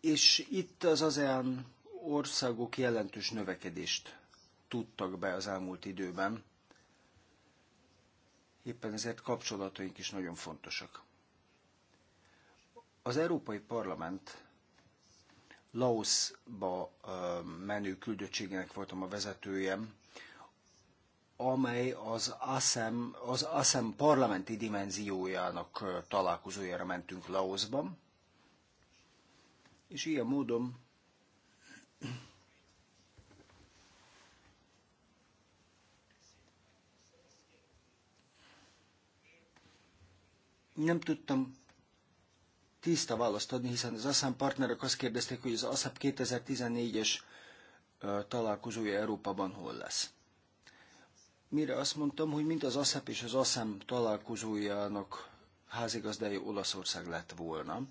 és itt az azán országok jelentős növekedést tudtak be az elmúlt időben. Éppen ezért kapcsolataink is nagyon fontosak. Az Európai Parlament Laosba menő küldöttségének voltam a vezetőjem, amely az ASEM, az ASEM parlamenti dimenziójának találkozójára mentünk Laosban, és ilyen módon nem tudtam tiszta választ adni, hiszen az ASEM partnerek azt kérdezték, hogy az ASZAP 2014-es találkozója Európában hol lesz mire azt mondtam, hogy mint az ASZEP és az ASZEM találkozójának házigazdája Olaszország lett volna.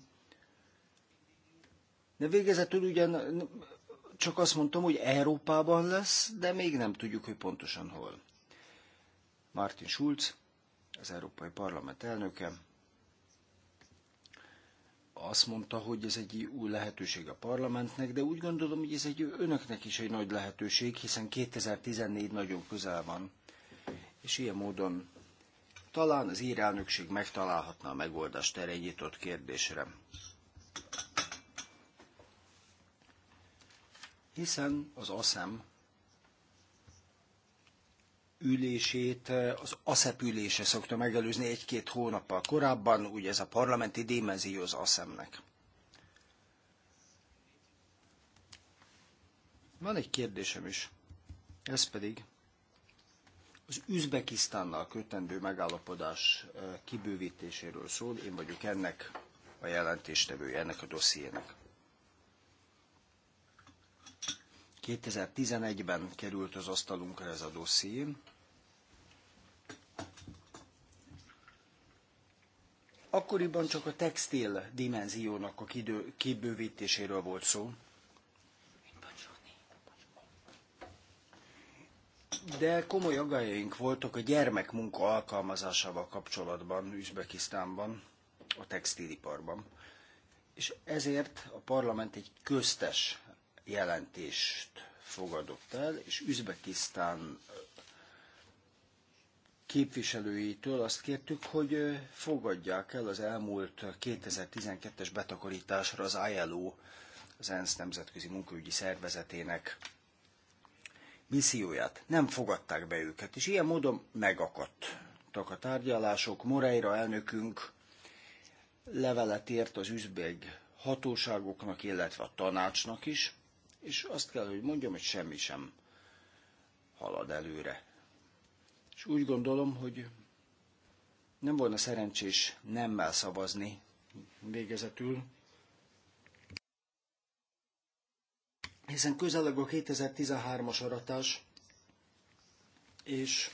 De végezetül ugyan csak azt mondtam, hogy Európában lesz, de még nem tudjuk, hogy pontosan hol. Martin Schulz, az Európai Parlament elnöke, azt mondta, hogy ez egy új lehetőség a parlamentnek, de úgy gondolom, hogy ez egy önöknek is egy nagy lehetőség, hiszen 2014 nagyon közel van és ilyen módon talán az írelnökség megtalálhatna a megoldást erre egy nyitott kérdésre. Hiszen az ASZEM ülését, az ASZEP ülése szokta megelőzni egy-két hónappal korábban, ugye ez a parlamenti dimenzió az ASZEM-nek. Van egy kérdésem is, ez pedig az Üzbekisztánnal kötendő megállapodás eh, kibővítéséről szól. Én vagyok ennek a jelentéstevője, ennek a dossziének. 2011-ben került az asztalunkra ez a dosszié. Akkoriban csak a textil dimenziónak a kibővítéséről volt szó, de komoly aggájaink voltak a gyermekmunka alkalmazásával kapcsolatban Üzbekisztánban, a textiliparban. És ezért a parlament egy köztes jelentést fogadott el, és Üzbekisztán képviselőitől azt kértük, hogy fogadják el az elmúlt 2012-es betakarításra az ILO, az ENSZ nemzetközi munkaügyi szervezetének misszióját. Nem fogadták be őket, és ilyen módon megakadtak a tárgyalások. Moreira elnökünk levelet írt az üzbeg hatóságoknak, illetve a tanácsnak is, és azt kell, hogy mondjam, hogy semmi sem halad előre. És úgy gondolom, hogy nem volna szerencsés nemmel szavazni végezetül, hiszen közeleg a 2013-as aratás, és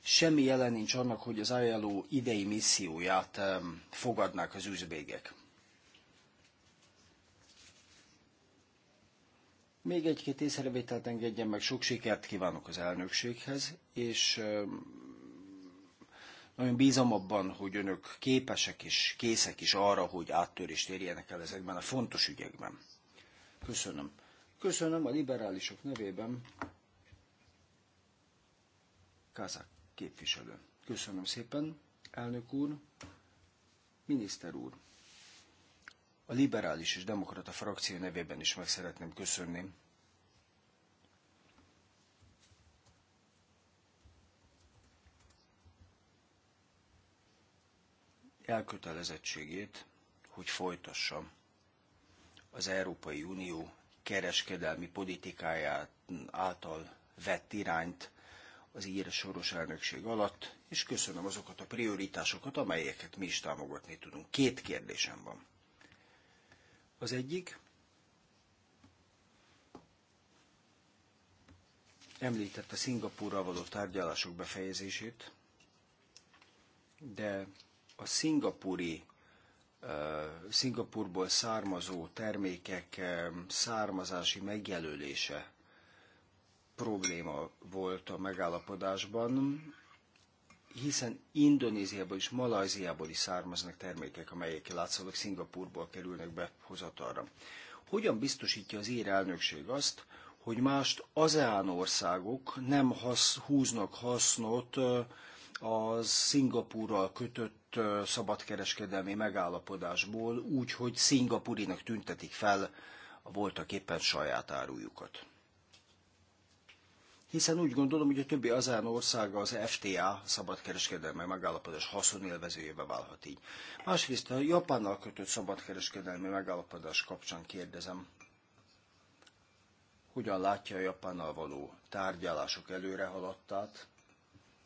semmi jelen nincs annak, hogy az ajánló idei misszióját fogadnák az üzbégek. Még egy-két észrevételt engedjen meg, sok sikert kívánok az elnökséghez, és nagyon bízom abban, hogy önök képesek és készek is arra, hogy áttörést érjenek el ezekben a fontos ügyekben. Köszönöm. Köszönöm a liberálisok nevében. Kázák képviselő. Köszönöm szépen, elnök úr, miniszter úr. A liberális és demokrata frakció nevében is meg szeretném köszönni elkötelezettségét, hogy folytassa az Európai Unió kereskedelmi politikáját által vett irányt az ír soros elnökség alatt, és köszönöm azokat a prioritásokat, amelyeket mi is támogatni tudunk. Két kérdésem van. Az egyik, említett a Szingapúrral való tárgyalások befejezését, de a szingapúri Szingapurból származó termékek származási megjelölése probléma volt a megállapodásban, hiszen Indonéziából és Malajziából is származnak termékek, amelyek látszólag Szingapurból kerülnek be hozatalra. Hogyan biztosítja az ír elnökség azt, hogy mást ASEAN országok nem hasz, húznak hasznot a Szingapúrral kötött szabadkereskedelmi megállapodásból, úgy, hogy szingapurinak tüntetik fel a voltak éppen saját árujukat. Hiszen úgy gondolom, hogy a többi azán országa az FTA szabadkereskedelmi megállapodás haszonélvezőjébe válhat így. Másrészt a Japánnal kötött szabadkereskedelmi megállapodás kapcsán kérdezem, hogyan látja a Japánnal való tárgyalások előre haladtát,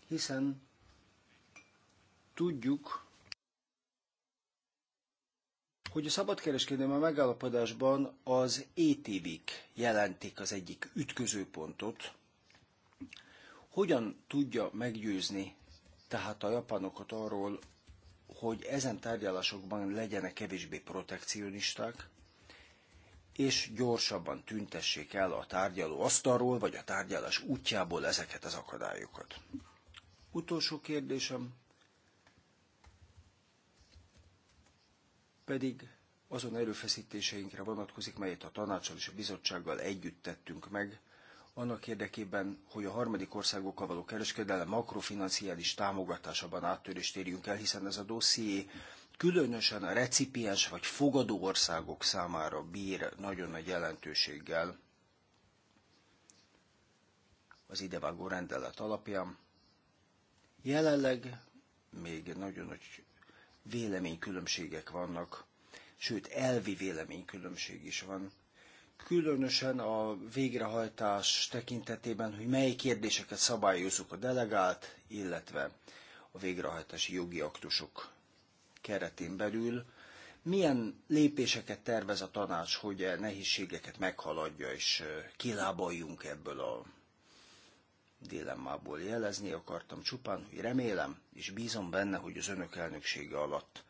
hiszen Tudjuk, hogy a szabadkereskedelmi megállapodásban az ETV-k jelentik az egyik ütközőpontot. Hogyan tudja meggyőzni tehát a japánokat arról, hogy ezen tárgyalásokban legyenek kevésbé protekcionisták, és gyorsabban tüntessék el a tárgyaló asztalról, vagy a tárgyalás útjából ezeket az akadályokat. Utolsó kérdésem pedig azon erőfeszítéseinkre vonatkozik, melyet a tanácsal és a bizottsággal együtt tettünk meg, annak érdekében, hogy a harmadik országokkal való kereskedelem makrofinanciális támogatásában áttörést érjünk el, hiszen ez a dosszié különösen a recipiens vagy fogadó országok számára bír nagyon nagy jelentőséggel az idevágó rendelet alapján. Jelenleg még nagyon nagy véleménykülönbségek vannak, sőt elvi véleménykülönbség is van. Különösen a végrehajtás tekintetében, hogy mely kérdéseket szabályozunk a delegált, illetve a végrehajtási jogi aktusok keretén belül, milyen lépéseket tervez a tanács, hogy a nehézségeket meghaladja, és kilábaljunk ebből a dilemmából jelezni akartam csupán, hogy remélem és bízom benne, hogy az önök elnöksége alatt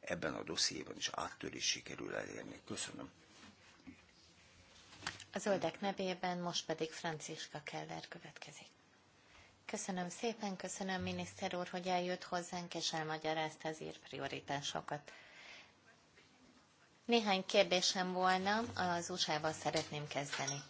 ebben a dossziéban is áttörés sikerül elérni. Köszönöm. A zöldek nevében most pedig Franciska Keller következik. Köszönöm szépen, köszönöm miniszter úr, hogy eljött hozzánk és elmagyarázta az ír prioritásokat. Néhány kérdésem volna, az USA-val szeretném kezdeni.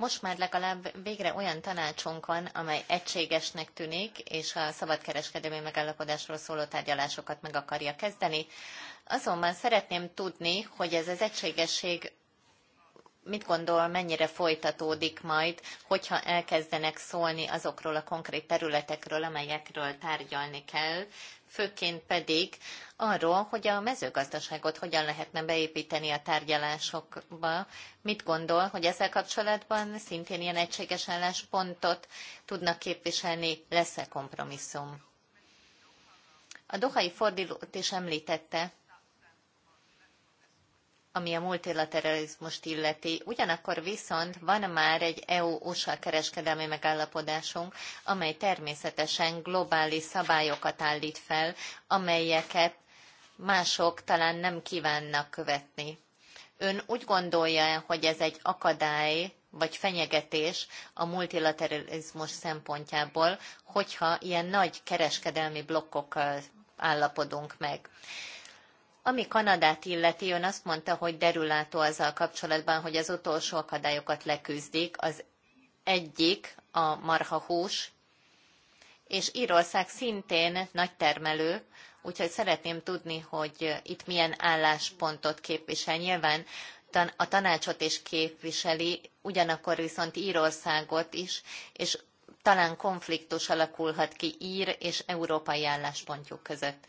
Most már legalább végre olyan tanácsunk van, amely egységesnek tűnik, és a szabadkereskedelmi megállapodásról szóló tárgyalásokat meg akarja kezdeni. Azonban szeretném tudni, hogy ez az egységesség mit gondol, mennyire folytatódik majd, hogyha elkezdenek szólni azokról a konkrét területekről, amelyekről tárgyalni kell, főként pedig arról, hogy a mezőgazdaságot hogyan lehetne beépíteni a tárgyalásokba. Mit gondol, hogy ezzel kapcsolatban szintén ilyen egységes álláspontot tudnak képviselni, lesz-e kompromisszum? A dohai fordulót is említette, ami a multilateralizmust illeti. Ugyanakkor viszont van már egy EU-USA kereskedelmi megállapodásunk, amely természetesen globális szabályokat állít fel, amelyeket mások talán nem kívánnak követni. Ön úgy gondolja, hogy ez egy akadály vagy fenyegetés a multilateralizmus szempontjából, hogyha ilyen nagy kereskedelmi blokkokkal állapodunk meg. Ami Kanadát illeti, ön azt mondta, hogy derülátó azzal kapcsolatban, hogy az utolsó akadályokat leküzdik. Az egyik a marhahús, és Írország szintén nagy termelő, úgyhogy szeretném tudni, hogy itt milyen álláspontot képvisel. Nyilván a tanácsot is képviseli, ugyanakkor viszont Írországot is, és talán konfliktus alakulhat ki ír és európai álláspontjuk között.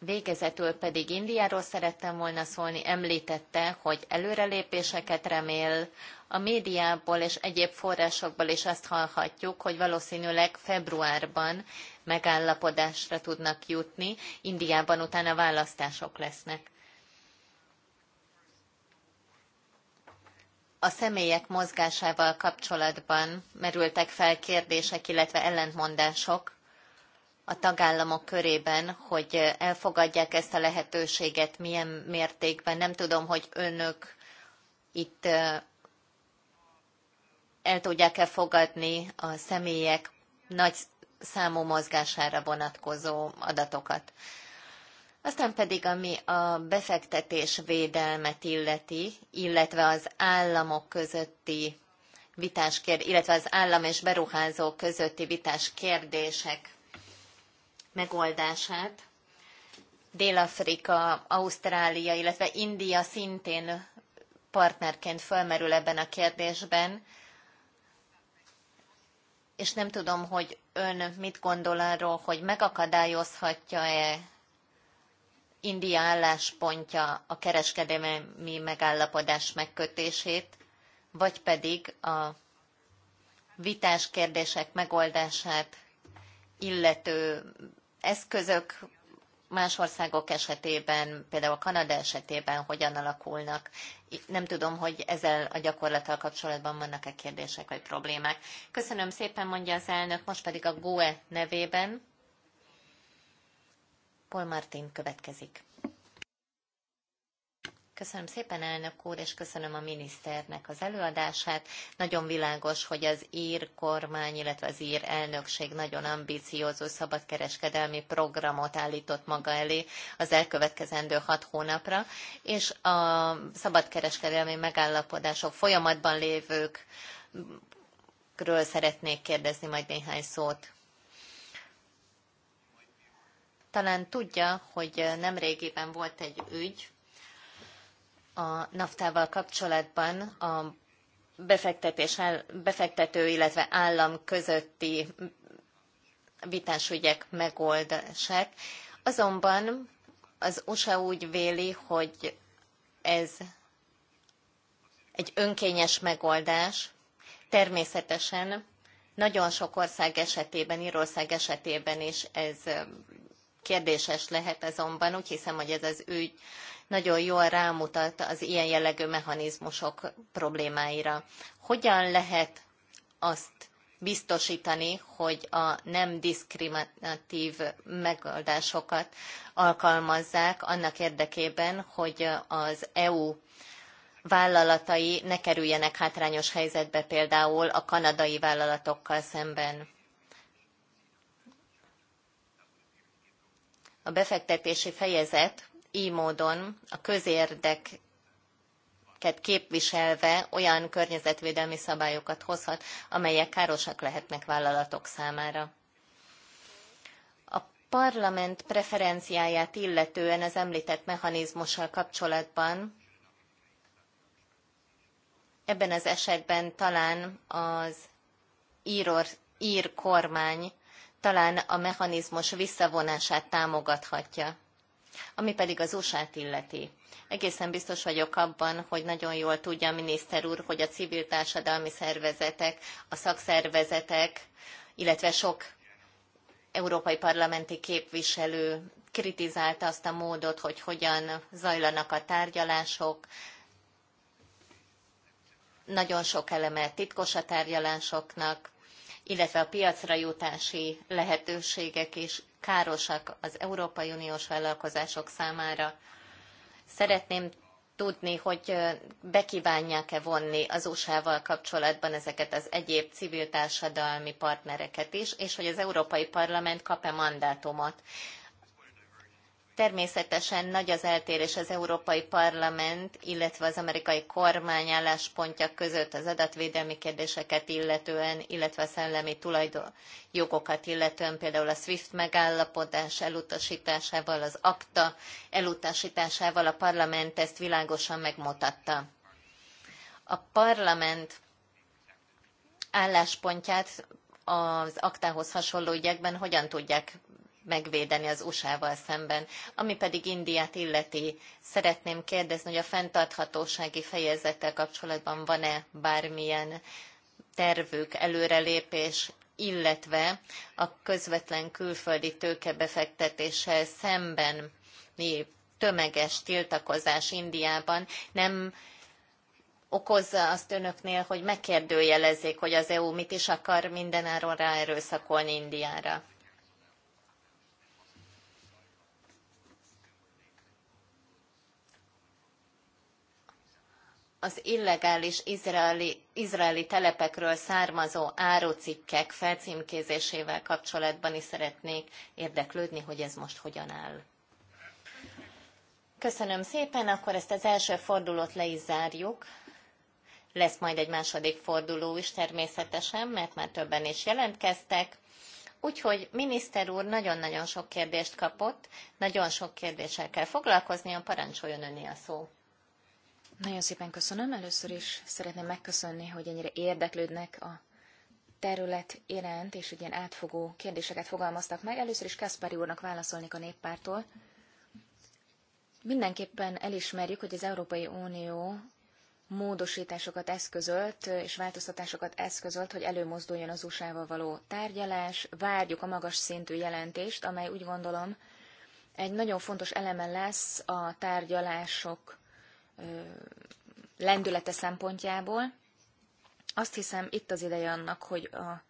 Végezetül pedig Indiáról szerettem volna szólni, említette, hogy előrelépéseket remél. A médiából és egyéb forrásokból is azt hallhatjuk, hogy valószínűleg februárban megállapodásra tudnak jutni, Indiában utána választások lesznek. a személyek mozgásával kapcsolatban merültek fel kérdések, illetve ellentmondások a tagállamok körében, hogy elfogadják ezt a lehetőséget, milyen mértékben. Nem tudom, hogy önök itt el tudják-e fogadni a személyek nagy számú mozgására vonatkozó adatokat. Aztán pedig, ami a befektetés védelmet illeti, illetve az államok közötti vitás, illetve az állam és beruházó közötti vitás kérdések megoldását. Dél-Afrika, Ausztrália, illetve India szintén partnerként fölmerül ebben a kérdésben, és nem tudom, hogy ön mit gondol arról, hogy megakadályozhatja-e India álláspontja a kereskedelmi megállapodás megkötését, vagy pedig a vitás kérdések megoldását illető eszközök más országok esetében, például a Kanada esetében hogyan alakulnak. Nem tudom, hogy ezzel a gyakorlattal kapcsolatban vannak-e kérdések vagy problémák. Köszönöm szépen, mondja az elnök, most pedig a GUE nevében. Paul Martin következik. Köszönöm szépen, elnök úr, és köszönöm a miniszternek az előadását. Nagyon világos, hogy az ír kormány, illetve az ír elnökség nagyon ambiciózó szabadkereskedelmi programot állított maga elé az elkövetkezendő hat hónapra, és a szabadkereskedelmi megállapodások folyamatban lévők ről szeretnék kérdezni majd néhány szót. Talán tudja, hogy nemrégiben volt egy ügy, a naftával kapcsolatban a befektetés, befektető, illetve állam közötti vitás megoldását. Azonban az USA úgy véli, hogy ez egy önkényes megoldás. Természetesen nagyon sok ország esetében, Írország esetében is ez kérdéses lehet azonban. Úgy hiszem, hogy ez az ügy nagyon jól rámutat az ilyen jellegű mechanizmusok problémáira. Hogyan lehet azt biztosítani, hogy a nem diszkriminatív megoldásokat alkalmazzák annak érdekében, hogy az EU vállalatai ne kerüljenek hátrányos helyzetbe például a kanadai vállalatokkal szemben. A befektetési fejezet így módon a közérdek képviselve olyan környezetvédelmi szabályokat hozhat, amelyek károsak lehetnek vállalatok számára. A parlament preferenciáját illetően az említett mechanizmussal kapcsolatban ebben az esetben talán az íror, ír kormány talán a mechanizmus visszavonását támogathatja ami pedig az usa illeti. Egészen biztos vagyok abban, hogy nagyon jól tudja a miniszter úr, hogy a civil társadalmi szervezetek, a szakszervezetek, illetve sok európai parlamenti képviselő kritizálta azt a módot, hogy hogyan zajlanak a tárgyalások, nagyon sok eleme titkos a tárgyalásoknak, illetve a piacra jutási lehetőségek is károsak az Európai Uniós vállalkozások számára. Szeretném tudni, hogy bekívánják-e vonni az USA-val kapcsolatban ezeket az egyéb civil társadalmi partnereket is, és hogy az Európai Parlament kap-e mandátumot Természetesen nagy az eltérés az Európai Parlament, illetve az amerikai kormány álláspontja között az adatvédelmi kérdéseket illetően, illetve a szellemi tulajdonjogokat illetően, például a SWIFT megállapodás elutasításával, az ACTA elutasításával a parlament ezt világosan megmutatta. A parlament álláspontját az aktához hasonló ügyekben hogyan tudják megvédeni az USA-val szemben. Ami pedig Indiát illeti, szeretném kérdezni, hogy a fenntarthatósági fejezettel kapcsolatban van-e bármilyen tervük, előrelépés, illetve a közvetlen külföldi tőkebefektetéssel szemben tömeges tiltakozás Indiában nem okozza azt önöknél, hogy megkérdőjelezzék, hogy az EU mit is akar mindenáron ráerőszakolni Indiára. az illegális izraeli, izraeli telepekről származó árucikkek felcímkézésével kapcsolatban is szeretnék érdeklődni, hogy ez most hogyan áll. Köszönöm szépen, akkor ezt az első fordulót le is zárjuk. Lesz majd egy második forduló is természetesen, mert már többen is jelentkeztek. Úgyhogy miniszter úr nagyon-nagyon sok kérdést kapott, nagyon sok kérdéssel kell foglalkoznia, parancsoljon önni a szó. Nagyon szépen köszönöm. Először is szeretném megköszönni, hogy ennyire érdeklődnek a terület iránt, és egy ilyen átfogó kérdéseket fogalmaztak meg. Először is Kaspari úrnak válaszolnék a néppártól. Mindenképpen elismerjük, hogy az Európai Unió módosításokat eszközölt és változtatásokat eszközölt, hogy előmozduljon az usa való tárgyalás. Várjuk a magas szintű jelentést, amely úgy gondolom egy nagyon fontos eleme lesz a tárgyalások lendülete szempontjából. Azt hiszem, itt az ideje annak, hogy a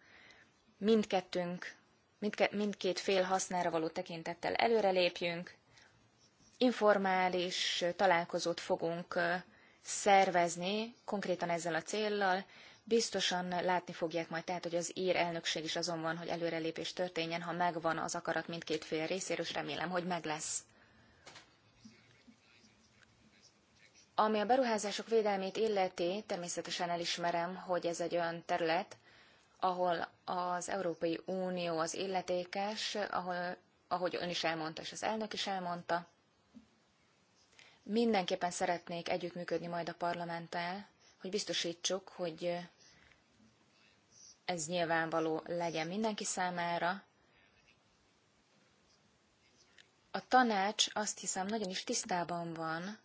mindkettőnk, mindke, mindkét fél hasznára való tekintettel előrelépjünk. Informális találkozót fogunk szervezni, konkrétan ezzel a céllal, biztosan látni fogják majd, tehát, hogy az ír elnökség is azon van, hogy előrelépés történjen, ha megvan az akarat mindkét fél részéről, és remélem, hogy meg lesz. Ami a beruházások védelmét illeti, természetesen elismerem, hogy ez egy olyan terület, ahol az Európai Unió az illetékes, ahol, ahogy ön is elmondta, és az elnök is elmondta, mindenképpen szeretnék együttműködni majd a parlamenttel, hogy biztosítsuk, hogy ez nyilvánvaló legyen mindenki számára. A tanács azt hiszem nagyon is tisztában van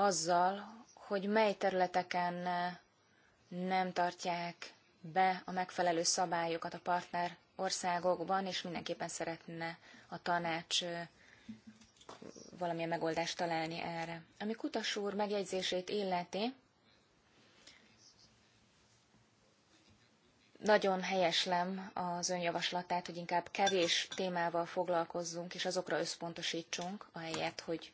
azzal, hogy mely területeken eh, nem tartják be a megfelelő szabályokat a partner országokban, és mindenképpen szeretne a tanács eh, valamilyen megoldást találni erre. Ami Kutas úr megjegyzését illeti, nagyon helyeslem az önjavaslatát, hogy inkább kevés témával foglalkozzunk, és azokra összpontosítsunk, ahelyett, hogy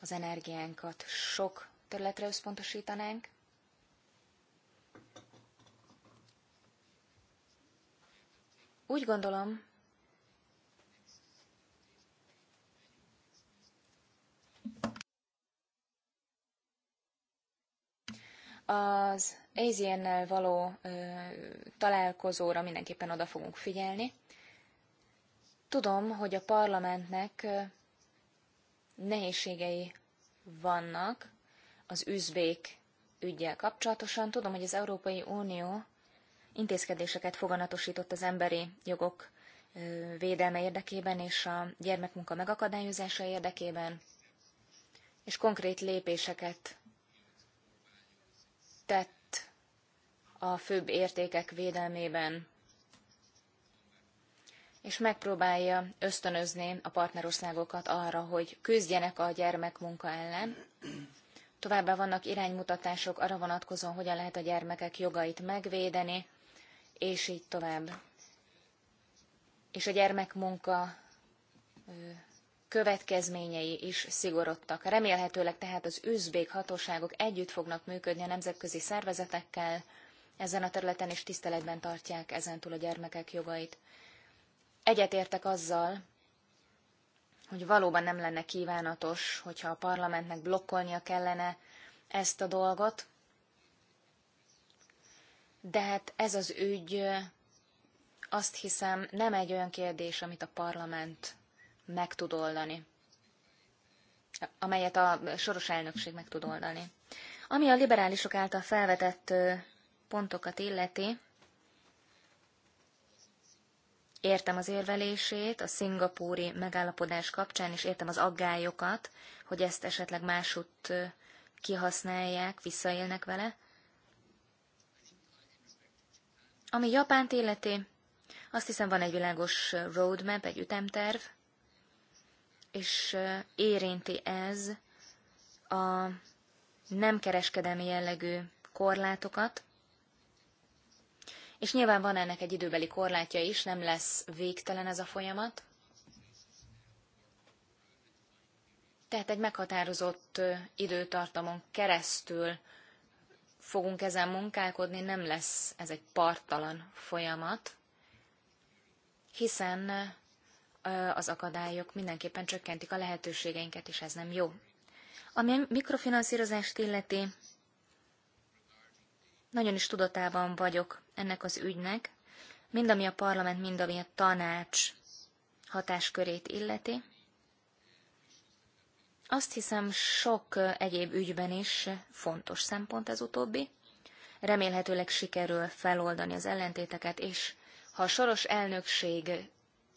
az energiánkat sok területre összpontosítanánk, Úgy gondolom, az azn nel való ö, találkozóra mindenképpen oda fogunk figyelni. Tudom, hogy a parlamentnek nehézségei vannak az üzbék ügyel kapcsolatosan. Tudom, hogy az Európai Unió intézkedéseket foganatosított az emberi jogok védelme érdekében és a gyermekmunka megakadályozása érdekében, és konkrét lépéseket tett a főbb értékek védelmében és megpróbálja ösztönözni a partnerországokat arra, hogy küzdjenek a gyermekmunka ellen. Továbbá vannak iránymutatások arra vonatkozóan, hogyan lehet a gyermekek jogait megvédeni, és így tovább. És a gyermekmunka következményei is szigorodtak. Remélhetőleg tehát az üzbék hatóságok együtt fognak működni a nemzetközi szervezetekkel, ezen a területen is tiszteletben tartják ezentúl a gyermekek jogait. Egyetértek azzal, hogy valóban nem lenne kívánatos, hogyha a parlamentnek blokkolnia kellene ezt a dolgot, de hát ez az ügy azt hiszem nem egy olyan kérdés, amit a parlament meg tud oldani, amelyet a soros elnökség meg tud oldani. Ami a liberálisok által felvetett pontokat illeti, Értem az érvelését a szingapúri megállapodás kapcsán, és értem az aggályokat, hogy ezt esetleg másutt kihasználják, visszaélnek vele. Ami Japánt illeti, azt hiszem van egy világos roadmap, egy ütemterv, és érinti ez a nem kereskedelmi jellegű korlátokat, és nyilván van ennek egy időbeli korlátja is, nem lesz végtelen ez a folyamat. Tehát egy meghatározott időtartamon keresztül fogunk ezen munkálkodni, nem lesz ez egy partalan folyamat, hiszen az akadályok mindenképpen csökkentik a lehetőségeinket, és ez nem jó. Ami a mikrofinanszírozást illeti, nagyon is tudatában vagyok ennek az ügynek, mind ami a parlament, mind ami a tanács hatáskörét illeti. Azt hiszem, sok egyéb ügyben is fontos szempont ez utóbbi. Remélhetőleg sikerül feloldani az ellentéteket, és ha a soros elnökség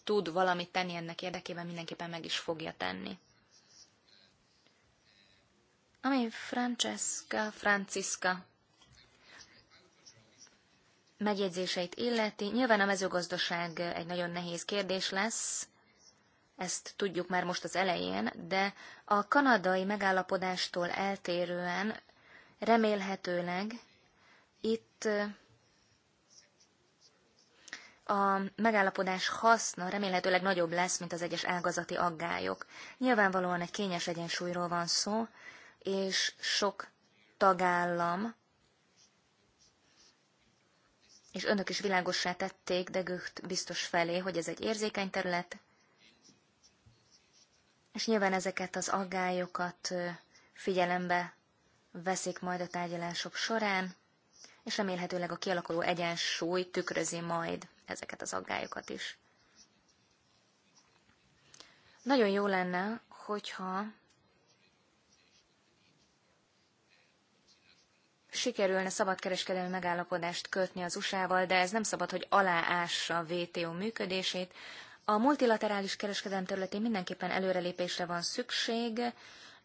tud valamit tenni ennek érdekében, mindenképpen meg is fogja tenni. Ami Francesca, Franciska megjegyzéseit illeti, nyilván a mezőgazdaság egy nagyon nehéz kérdés lesz, ezt tudjuk már most az elején, de a kanadai megállapodástól eltérően remélhetőleg itt a megállapodás haszna remélhetőleg nagyobb lesz, mint az egyes ágazati aggályok. Nyilvánvalóan egy kényes egyensúlyról van szó, és sok tagállam és önök is világossá tették de Degücht biztos felé, hogy ez egy érzékeny terület, és nyilván ezeket az aggályokat figyelembe veszik majd a tárgyalások során, és remélhetőleg a kialakuló egyensúly tükrözi majd ezeket az aggályokat is. Nagyon jó lenne, hogyha sikerülne szabadkereskedelmi megállapodást kötni az USA-val, de ez nem szabad, hogy aláássa a WTO működését. A multilaterális kereskedelem területén mindenképpen előrelépésre van szükség,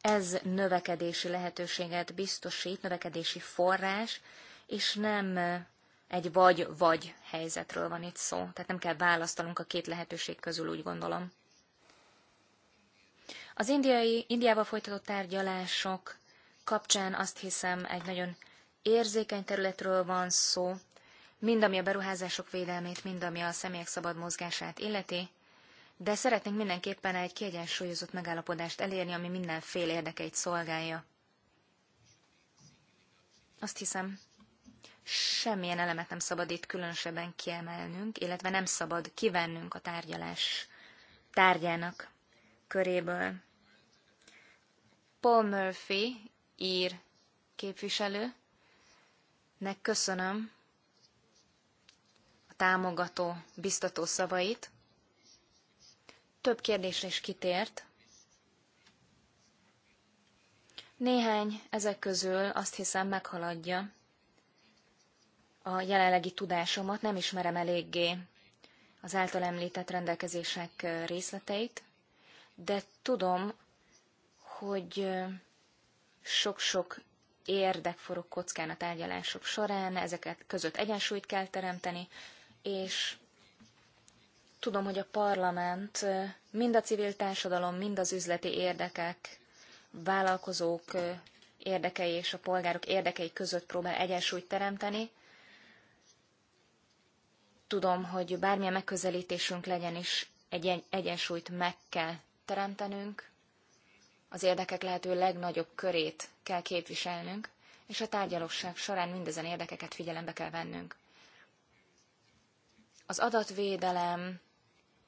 ez növekedési lehetőséget biztosít, növekedési forrás, és nem egy vagy-vagy helyzetről van itt szó. Tehát nem kell választanunk a két lehetőség közül, úgy gondolom. Az indiai, Indiával folytatott tárgyalások kapcsán azt hiszem egy nagyon érzékeny területről van szó, mind ami a beruházások védelmét, mind ami a személyek szabad mozgását illeti, de szeretnénk mindenképpen egy kiegyensúlyozott megállapodást elérni, ami minden fél érdekeit szolgálja. Azt hiszem, semmilyen elemet nem szabad itt különösebben kiemelnünk, illetve nem szabad kivennünk a tárgyalás tárgyának köréből. Paul Murphy ír képviselő nek köszönöm a támogató, biztató szavait. Több kérdésre is kitért. Néhány ezek közül azt hiszem meghaladja a jelenlegi tudásomat, nem ismerem eléggé az által említett rendelkezések részleteit, de tudom, hogy sok-sok érdek forog kockán a tárgyalások során, ezeket között egyensúlyt kell teremteni, és tudom, hogy a parlament mind a civil társadalom, mind az üzleti érdekek, vállalkozók érdekei és a polgárok érdekei között próbál egyensúlyt teremteni. Tudom, hogy bármilyen megközelítésünk legyen is, egy egyensúlyt meg kell teremtenünk, az érdekek lehető legnagyobb körét kell képviselnünk, és a tárgyalosság során mindezen érdekeket figyelembe kell vennünk. Az adatvédelem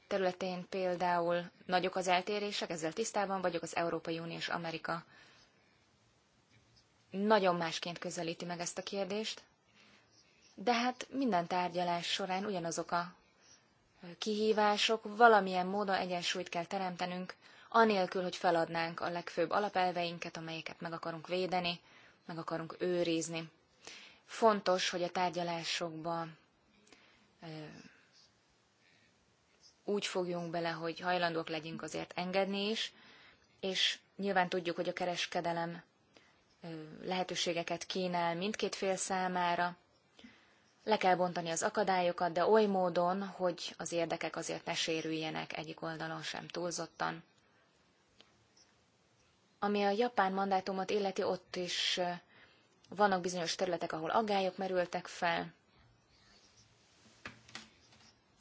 területén például nagyok az eltérések, ezzel tisztában vagyok, az Európai Unió és Amerika nagyon másként közelíti meg ezt a kérdést, de hát minden tárgyalás során ugyanazok a kihívások, valamilyen módon egyensúlyt kell teremtenünk anélkül, hogy feladnánk a legfőbb alapelveinket, amelyeket meg akarunk védeni, meg akarunk őrizni. Fontos, hogy a tárgyalásokba úgy fogjunk bele, hogy hajlandók legyünk azért engedni is, és nyilván tudjuk, hogy a kereskedelem lehetőségeket kínál mindkét fél számára. Le kell bontani az akadályokat, de oly módon, hogy az érdekek azért ne sérüljenek egyik oldalon sem túlzottan. Ami a japán mandátumot illeti, ott is vannak bizonyos területek, ahol aggályok merültek fel,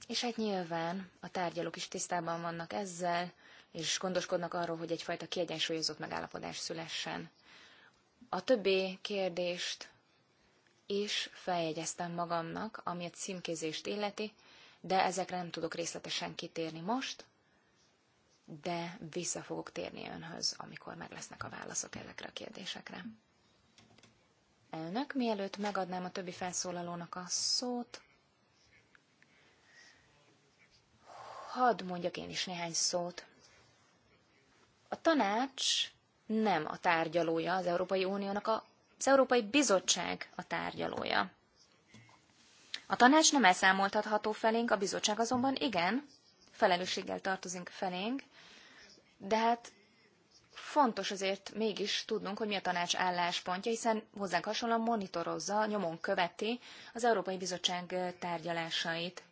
és hát nyilván a tárgyalók is tisztában vannak ezzel, és gondoskodnak arról, hogy egyfajta kiegyensúlyozott megállapodás szülessen. A többi kérdést is feljegyeztem magamnak, ami a címkézést illeti, de ezekre nem tudok részletesen kitérni most de vissza fogok térni önhöz, amikor meg lesznek a válaszok ezekre a kérdésekre. Elnök, mielőtt megadnám a többi felszólalónak a szót, hadd mondjak én is néhány szót. A tanács nem a tárgyalója az Európai Uniónak, a, az Európai Bizottság a tárgyalója. A tanács nem elszámoltatható felénk, a bizottság azonban igen, felelősséggel tartozik felénk, de hát fontos azért mégis tudnunk, hogy mi a tanács álláspontja, hiszen hozzánk hasonlóan monitorozza, nyomon követi az Európai Bizottság tárgyalásait.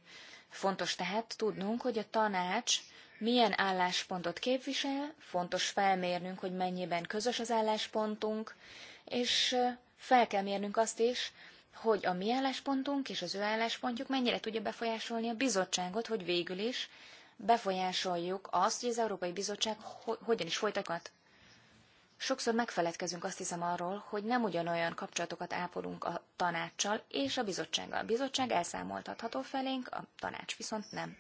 Fontos tehát tudnunk, hogy a tanács milyen álláspontot képvisel, fontos felmérnünk, hogy mennyiben közös az álláspontunk, és fel kell mérnünk azt is, hogy a mi álláspontunk és az ő álláspontjuk mennyire tudja befolyásolni a bizottságot, hogy végül is befolyásoljuk azt, hogy az Európai Bizottság ho- hogyan is folytakat. Sokszor megfeledkezünk azt hiszem arról, hogy nem ugyanolyan kapcsolatokat ápolunk a tanácssal és a bizottsággal. A bizottság elszámoltatható felénk, a tanács viszont nem.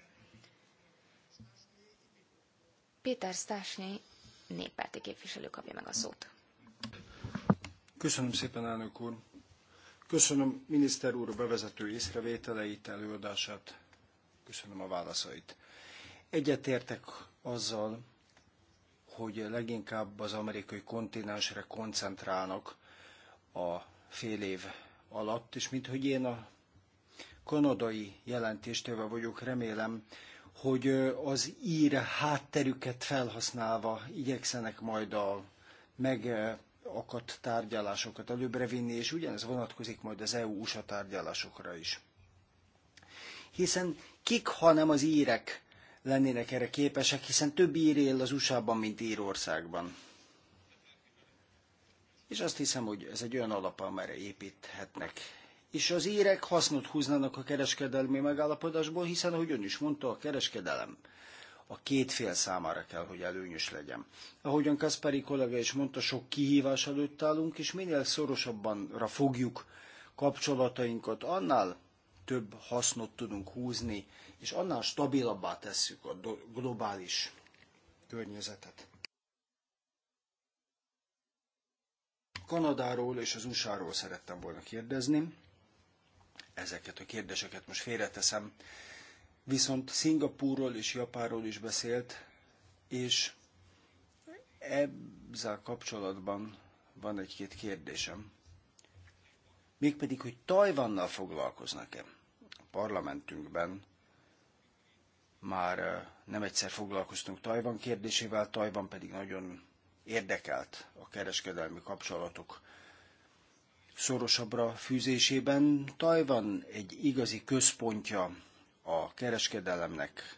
Péter Stásnyi néppárti képviselő kapja meg a szót. Köszönöm szépen, elnök úr. Köszönöm miniszter úr bevezető észrevételeit, előadását. Köszönöm a válaszait. Egyetértek azzal, hogy leginkább az amerikai kontinensre koncentrálnak a fél év alatt, és mint hogy én a kanadai jelentéstől vagyok, remélem, hogy az ír hátterüket felhasználva igyekszenek majd a megakadt tárgyalásokat előbbre vinni, és ugyanez vonatkozik majd az EU-USA tárgyalásokra is. Hiszen kik, ha nem az írek lennének erre képesek, hiszen több ír él az USA-ban, mint Írországban. És azt hiszem, hogy ez egy olyan alap, amelyre építhetnek. És az írek hasznot húznának a kereskedelmi megállapodásból, hiszen, ahogy ön is mondta, a kereskedelem a két fél számára kell, hogy előnyös legyen. Ahogyan Kaspari kollega is mondta, sok kihívás előtt állunk, és minél szorosabbanra fogjuk kapcsolatainkat, annál több hasznot tudunk húzni, és annál stabilabbá tesszük a globális környezetet. Kanadáról és az USA-ról szerettem volna kérdezni. Ezeket a kérdéseket most félreteszem. Viszont Szingapúrról és Japánról is beszélt, és ezzel kapcsolatban van egy-két kérdésem mégpedig, hogy Tajvannal foglalkoznak-e. A parlamentünkben már eh, nem egyszer foglalkoztunk Tajvan kérdésével, Tajvan pedig nagyon érdekelt a kereskedelmi kapcsolatok szorosabbra fűzésében. Tajvan egy igazi központja a kereskedelemnek,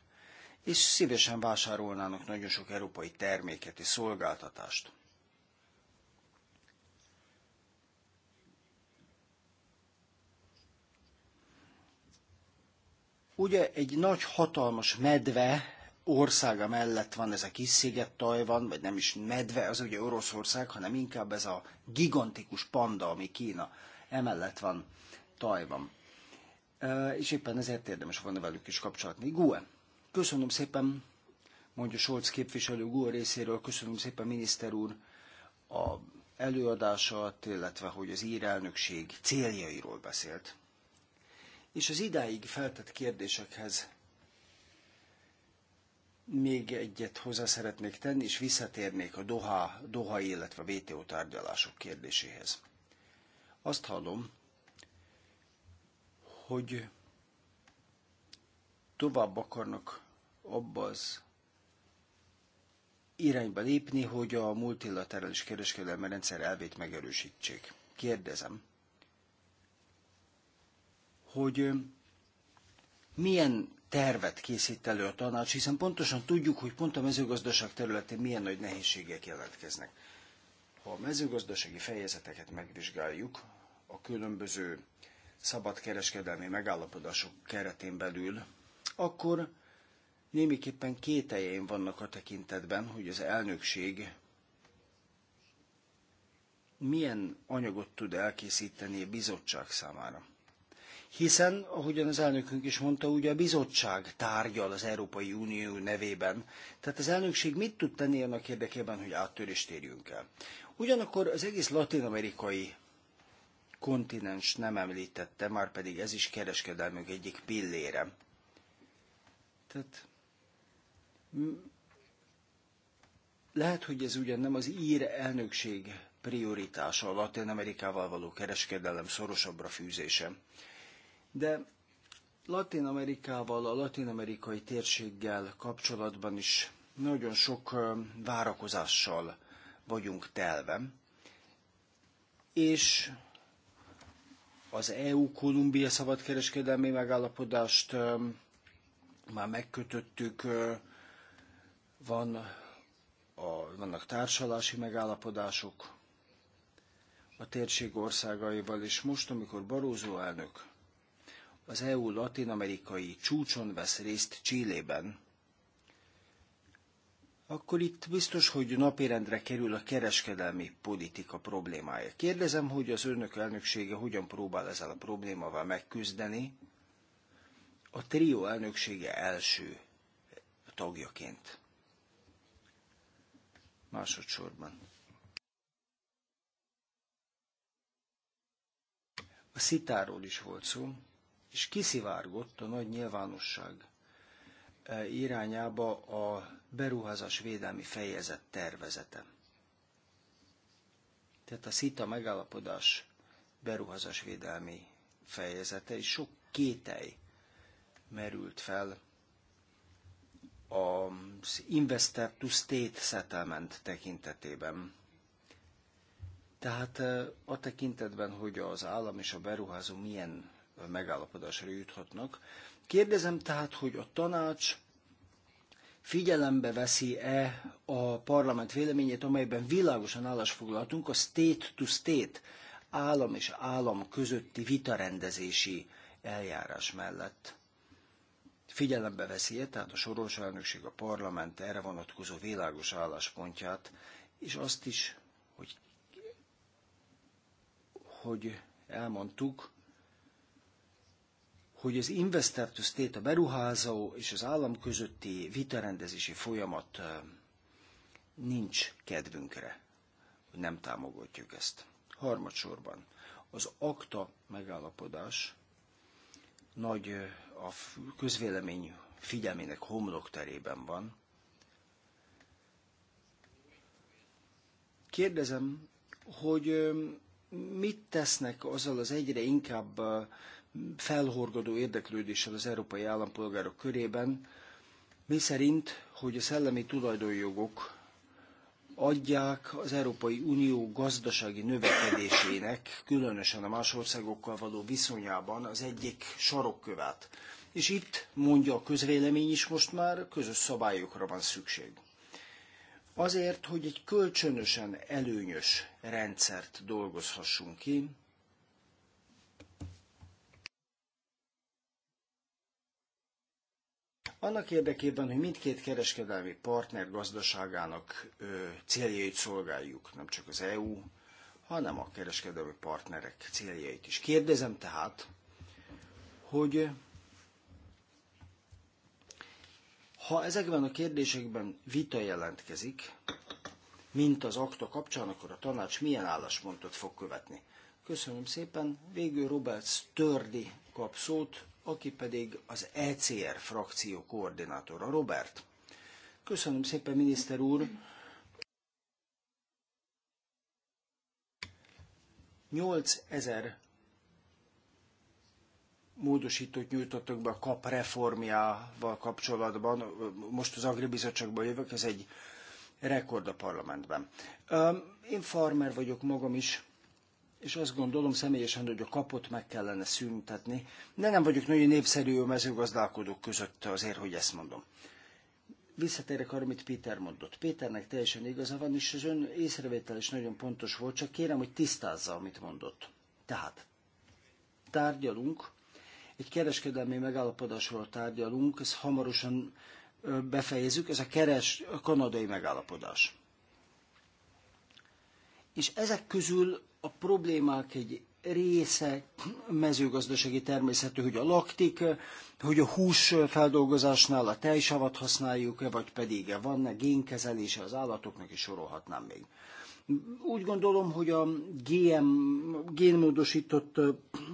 és szívesen vásárolnának nagyon sok európai terméket és szolgáltatást. Ugye egy nagy, hatalmas medve országa mellett van ez a kis sziget Tajvan, vagy nem is medve, az ugye Oroszország, hanem inkább ez a gigantikus panda, ami Kína, emellett van Tajvan. És éppen ezért érdemes volna velük is kapcsolatni. Gue, köszönöm szépen, mondja Solc képviselő Gue részéről, köszönöm szépen miniszter úr a előadását, illetve hogy az ír elnökség céljairól beszélt és az idáig feltett kérdésekhez még egyet hozzá szeretnék tenni, és visszatérnék a Doha, Doha illetve a WTO tárgyalások kérdéséhez. Azt hallom, hogy tovább akarnak abba az irányba lépni, hogy a multilaterális kereskedelmi rendszer elvét megerősítsék. Kérdezem, hogy milyen tervet készít elő a tanács, hiszen pontosan tudjuk, hogy pont a mezőgazdaság területén milyen nagy nehézségek jelentkeznek. Ha a mezőgazdasági fejezeteket megvizsgáljuk, a különböző szabadkereskedelmi megállapodások keretén belül, akkor némiképpen kételjeim vannak a tekintetben, hogy az elnökség milyen anyagot tud elkészíteni a bizottság számára hiszen, ahogyan az elnökünk is mondta, ugye a bizottság tárgyal az Európai Unió nevében. Tehát az elnökség mit tud tenni annak érdekében, hogy áttörést érjünk el? Ugyanakkor az egész latin-amerikai kontinens nem említette, már pedig ez is kereskedelmünk egyik pillére. Tehát lehet, hogy ez ugyan nem az ír elnökség prioritása a Latin Amerikával való kereskedelem szorosabbra fűzése, de Latin Amerikával, a latin amerikai térséggel kapcsolatban is nagyon sok várakozással vagyunk telve. És az EU-Kolumbia szabadkereskedelmi megállapodást már megkötöttük, van a, vannak társalási megállapodások a térség országaival, és most, amikor Barózó elnök az EU latinamerikai csúcson vesz részt Csillében, akkor itt biztos, hogy napirendre kerül a kereskedelmi politika problémája. Kérdezem, hogy az önök elnöksége hogyan próbál ezzel a problémával megküzdeni a trió elnöksége első tagjaként. Másodszorban. A szitáról is volt szó és kiszivárgott a nagy nyilvánosság e, irányába a beruházás védelmi fejezet tervezete. Tehát a szita megállapodás beruházás védelmi fejezete, és sok kételj merült fel az Investor to State Settlement tekintetében. Tehát e, a tekintetben, hogy az állam és a beruházó milyen megállapodásra juthatnak. Kérdezem tehát, hogy a tanács figyelembe veszi-e a parlament véleményét, amelyben világosan állásfoglaltunk a state-to-state állam és állam közötti vitarendezési eljárás mellett. Figyelembe veszi -e, tehát a soros elnökség a parlament erre vonatkozó világos álláspontját, és azt is, hogy, hogy elmondtuk, hogy az investor to state, a beruházó és az állam közötti vitarendezési folyamat nincs kedvünkre, hogy nem támogatjuk ezt. Harmadsorban az akta megállapodás nagy a közvélemény figyelmének homlokterében van. Kérdezem, hogy mit tesznek azzal az egyre inkább felhorgadó érdeklődéssel az európai állampolgárok körében, mi szerint, hogy a szellemi tulajdonjogok adják az Európai Unió gazdasági növekedésének, különösen a más országokkal való viszonyában az egyik sarokkövet. És itt mondja a közvélemény is most már, közös szabályokra van szükség. Azért, hogy egy kölcsönösen előnyös rendszert dolgozhassunk ki, annak érdekében, hogy mindkét kereskedelmi partner gazdaságának ö, céljait szolgáljuk, nem csak az EU, hanem a kereskedelmi partnerek céljait is. Kérdezem tehát, hogy ha ezekben a kérdésekben vita jelentkezik, mint az akta kapcsán, akkor a tanács milyen álláspontot fog követni? Köszönöm szépen. Végül Robert Stördi kap szót, aki pedig az ECR frakció koordinátora. Robert, köszönöm szépen, miniszter úr! 8000 módosítót nyújtottak be a KAP reformjával kapcsolatban. Most az Agribizottságban jövök, ez egy rekord a parlamentben. Én farmer vagyok magam is, és azt gondolom személyesen, hogy a kapot meg kellene szüntetni, de nem vagyok nagyon népszerű a mezőgazdálkodók között azért, hogy ezt mondom. Visszatérek arra, amit Péter mondott. Péternek teljesen igaza van, és az ön észrevétel is nagyon pontos volt, csak kérem, hogy tisztázza, amit mondott. Tehát tárgyalunk, egy kereskedelmi megállapodásról tárgyalunk, ezt hamarosan befejezzük, ez a, keres, a kanadai megállapodás. És ezek közül a problémák egy része mezőgazdasági természetű, hogy a laktik, hogy a hús feldolgozásnál a tejsavat használjuk vagy pedig van-e génkezelése az állatoknak, és sorolhatnám még. Úgy gondolom, hogy a GM, génmódosított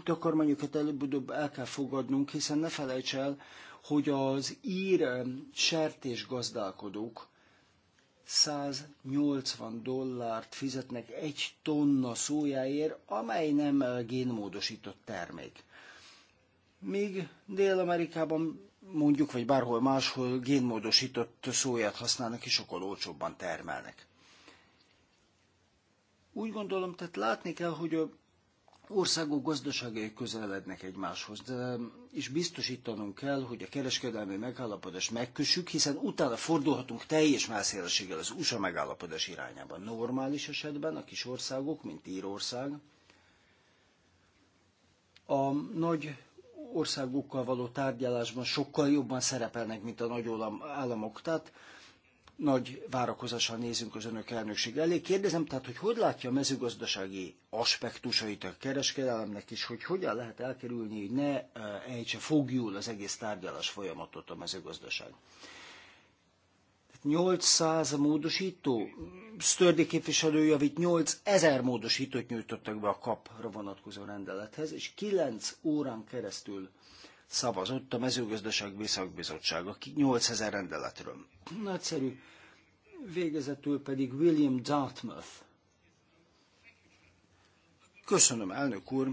takarmányokat előbb-utóbb el kell fogadnunk, hiszen ne felejts el, hogy az ír sertés gazdálkodók 180 dollárt fizetnek egy tonna szójáért, amely nem génmódosított termék. Míg Dél-Amerikában mondjuk, vagy bárhol máshol génmódosított szóját használnak, és sokkal olcsóbban termelnek. Úgy gondolom, tehát látni kell, hogy a országok gazdaságai közelednek egymáshoz, de, és ehm, biztosítanunk kell, hogy a kereskedelmi megállapodást megkössük, hiszen utána fordulhatunk teljes mászélességgel az USA megállapodás irányába. Normális esetben a kis országok, mint Írország, a nagy országokkal való tárgyalásban sokkal jobban szerepelnek, mint a nagy államok. Tehát nagy várakozással nézünk az önök elnökség elé. Kérdezem tehát, hogy hogy látja a mezőgazdasági aspektusait a kereskedelemnek, és hogy hogyan lehet elkerülni, hogy ne ejtse eh, fogjul az egész tárgyalás folyamatot a mezőgazdaság. 800 módosító, Sztördi képviselő javít 8000 módosítót nyújtottak be a kapra vonatkozó rendelethez, és 9 órán keresztül szavazott a mezőgazdasági szakbizottság, aki 8000 rendeletről. Nagyszerű. Végezetül pedig William Dartmouth. Köszönöm, elnök úr.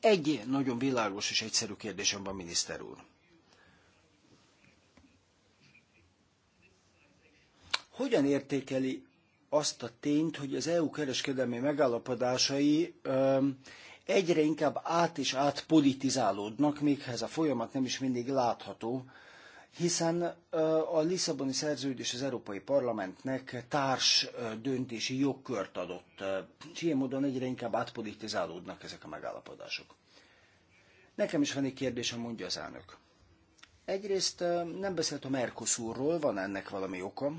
Egy nagyon világos és egyszerű kérdésem van, miniszter úr. Hogyan értékeli azt a tényt, hogy az EU kereskedelmi megállapodásai egyre inkább át és át politizálódnak, még ez a folyamat nem is mindig látható, hiszen a Lisszaboni szerződés az Európai Parlamentnek társ döntési jogkört adott, és ilyen módon egyre inkább átpolitizálódnak ezek a megállapodások. Nekem is van egy kérdésem, mondja az elnök. Egyrészt nem beszélt a Mercosurról, van ennek valami oka,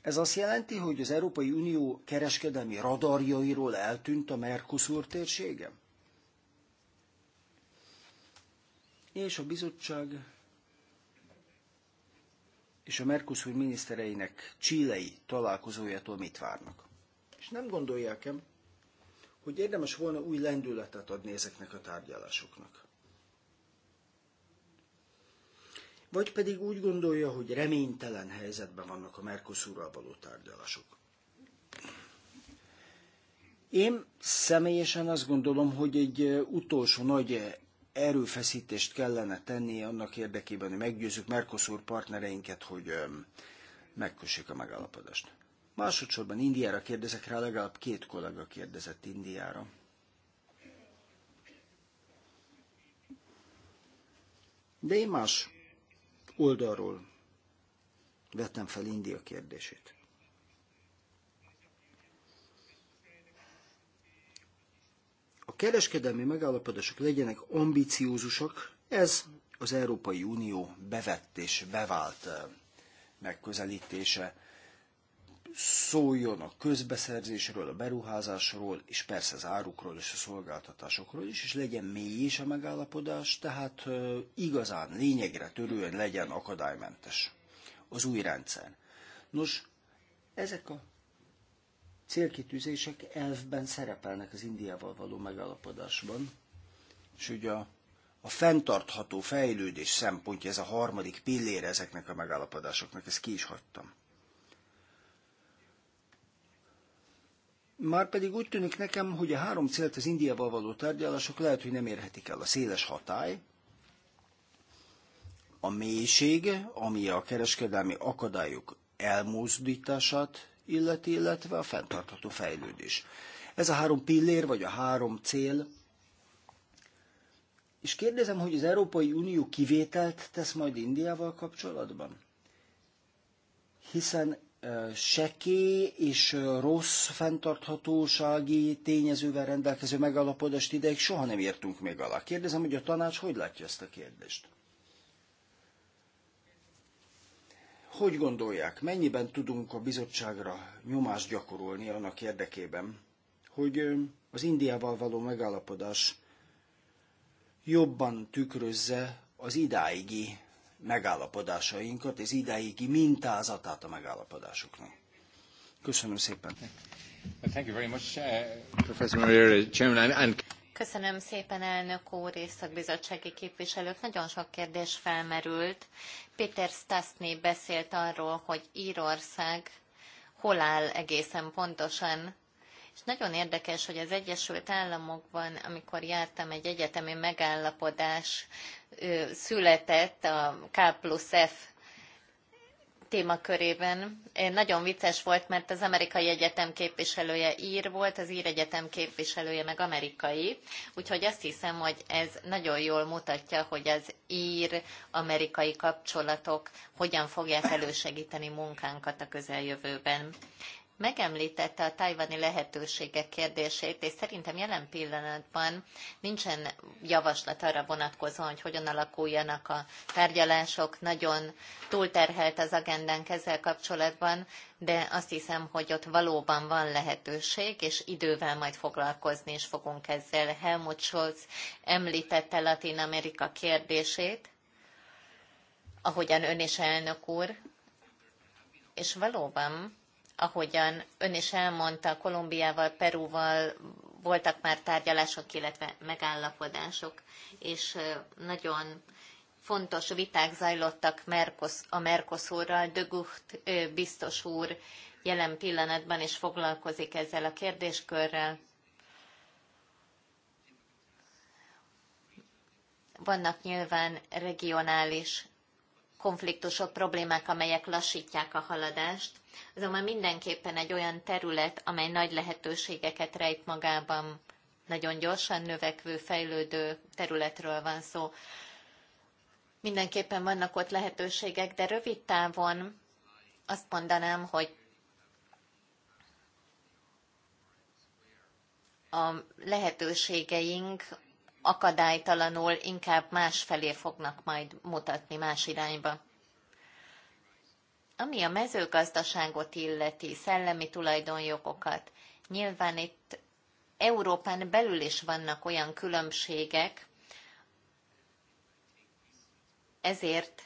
Ez azt jelenti, hogy az Európai Unió kereskedelmi radarjairól eltűnt a Mercosur térsége? És a bizottság és a Mercosur minisztereinek csilei találkozójától mit várnak? És nem gondolják-e, hogy érdemes volna új lendületet adni ezeknek a tárgyalásoknak? vagy pedig úgy gondolja, hogy reménytelen helyzetben vannak a Mercosurral való tárgyalások. Én személyesen azt gondolom, hogy egy utolsó nagy erőfeszítést kellene tenni annak érdekében, hogy meggyőzzük Mercosur partnereinket, hogy megkössék a megállapodást. Másodszorban Indiára kérdezek rá, legalább két kollega kérdezett Indiára. De én más oldalról vettem fel India kérdését. A kereskedelmi megállapodások legyenek ambiciózusak, ez az Európai Unió bevett és bevált eh, megközelítése szóljon a közbeszerzésről, a beruházásról, és persze az árukról és a szolgáltatásokról is, és legyen mély is a megállapodás, tehát igazán lényegre törően legyen akadálymentes az új rendszer. Nos, ezek a célkitűzések elfben szerepelnek az Indiával való megállapodásban, és ugye a, a fenntartható fejlődés szempontja, ez a harmadik pillére ezeknek a megállapodásoknak, ezt ki is hagytam. Márpedig úgy tűnik nekem, hogy a három célt az Indiával való tárgyalások lehet, hogy nem érhetik el. A széles hatály, a mélység, ami a kereskedelmi akadályok elmozdítását illeti, illetve a fenntartható fejlődés. Ez a három pillér, vagy a három cél. És kérdezem, hogy az Európai Unió kivételt tesz majd Indiával kapcsolatban? Hiszen sekély és rossz fenntarthatósági tényezővel rendelkező megalapodást ideig soha nem értünk még alá. Kérdezem, hogy a tanács hogy látja ezt a kérdést? Hogy gondolják, mennyiben tudunk a bizottságra nyomást gyakorolni annak érdekében, hogy az Indiával való megállapodás jobban tükrözze az idáigi megállapodásainkat, az idáigi mintázatát a megállapodásoknak. Köszönöm szépen. Thank you very much, uh, Professor Maria, uh, Chairman, and... Köszönöm szépen, elnök úr és szakbizottsági képviselők. Nagyon sok kérdés felmerült. Péter Stasny beszélt arról, hogy Írország hol áll egészen pontosan és nagyon érdekes, hogy az Egyesült Államokban, amikor jártam, egy egyetemi megállapodás született a K plusz F témakörében. Nagyon vicces volt, mert az amerikai egyetem képviselője ír volt, az ír egyetem képviselője meg amerikai, úgyhogy azt hiszem, hogy ez nagyon jól mutatja, hogy az ír-amerikai kapcsolatok hogyan fogják elősegíteni munkánkat a közeljövőben megemlítette a tajvani lehetőségek kérdését, és szerintem jelen pillanatban nincsen javaslat arra vonatkozóan, hogy hogyan alakuljanak a tárgyalások. Nagyon túlterhelt az agendánk ezzel kapcsolatban, de azt hiszem, hogy ott valóban van lehetőség, és idővel majd foglalkozni is fogunk ezzel. Helmut Scholz említette Latin Amerika kérdését, ahogyan ön is elnök úr, és valóban ahogyan ön is elmondta, Kolumbiával, Perúval voltak már tárgyalások, illetve megállapodások, és nagyon fontos viták zajlottak a Mercosurral. De Gucht biztos úr jelen pillanatban is foglalkozik ezzel a kérdéskörrel. Vannak nyilván regionális konfliktusok, problémák, amelyek lassítják a haladást. Azonban mindenképpen egy olyan terület, amely nagy lehetőségeket rejt magában, nagyon gyorsan növekvő, fejlődő területről van szó. Mindenképpen vannak ott lehetőségek, de rövid távon azt mondanám, hogy a lehetőségeink akadálytalanul inkább más felé fognak majd mutatni más irányba. Ami a mezőgazdaságot illeti, szellemi tulajdonjogokat, nyilván itt Európán belül is vannak olyan különbségek, ezért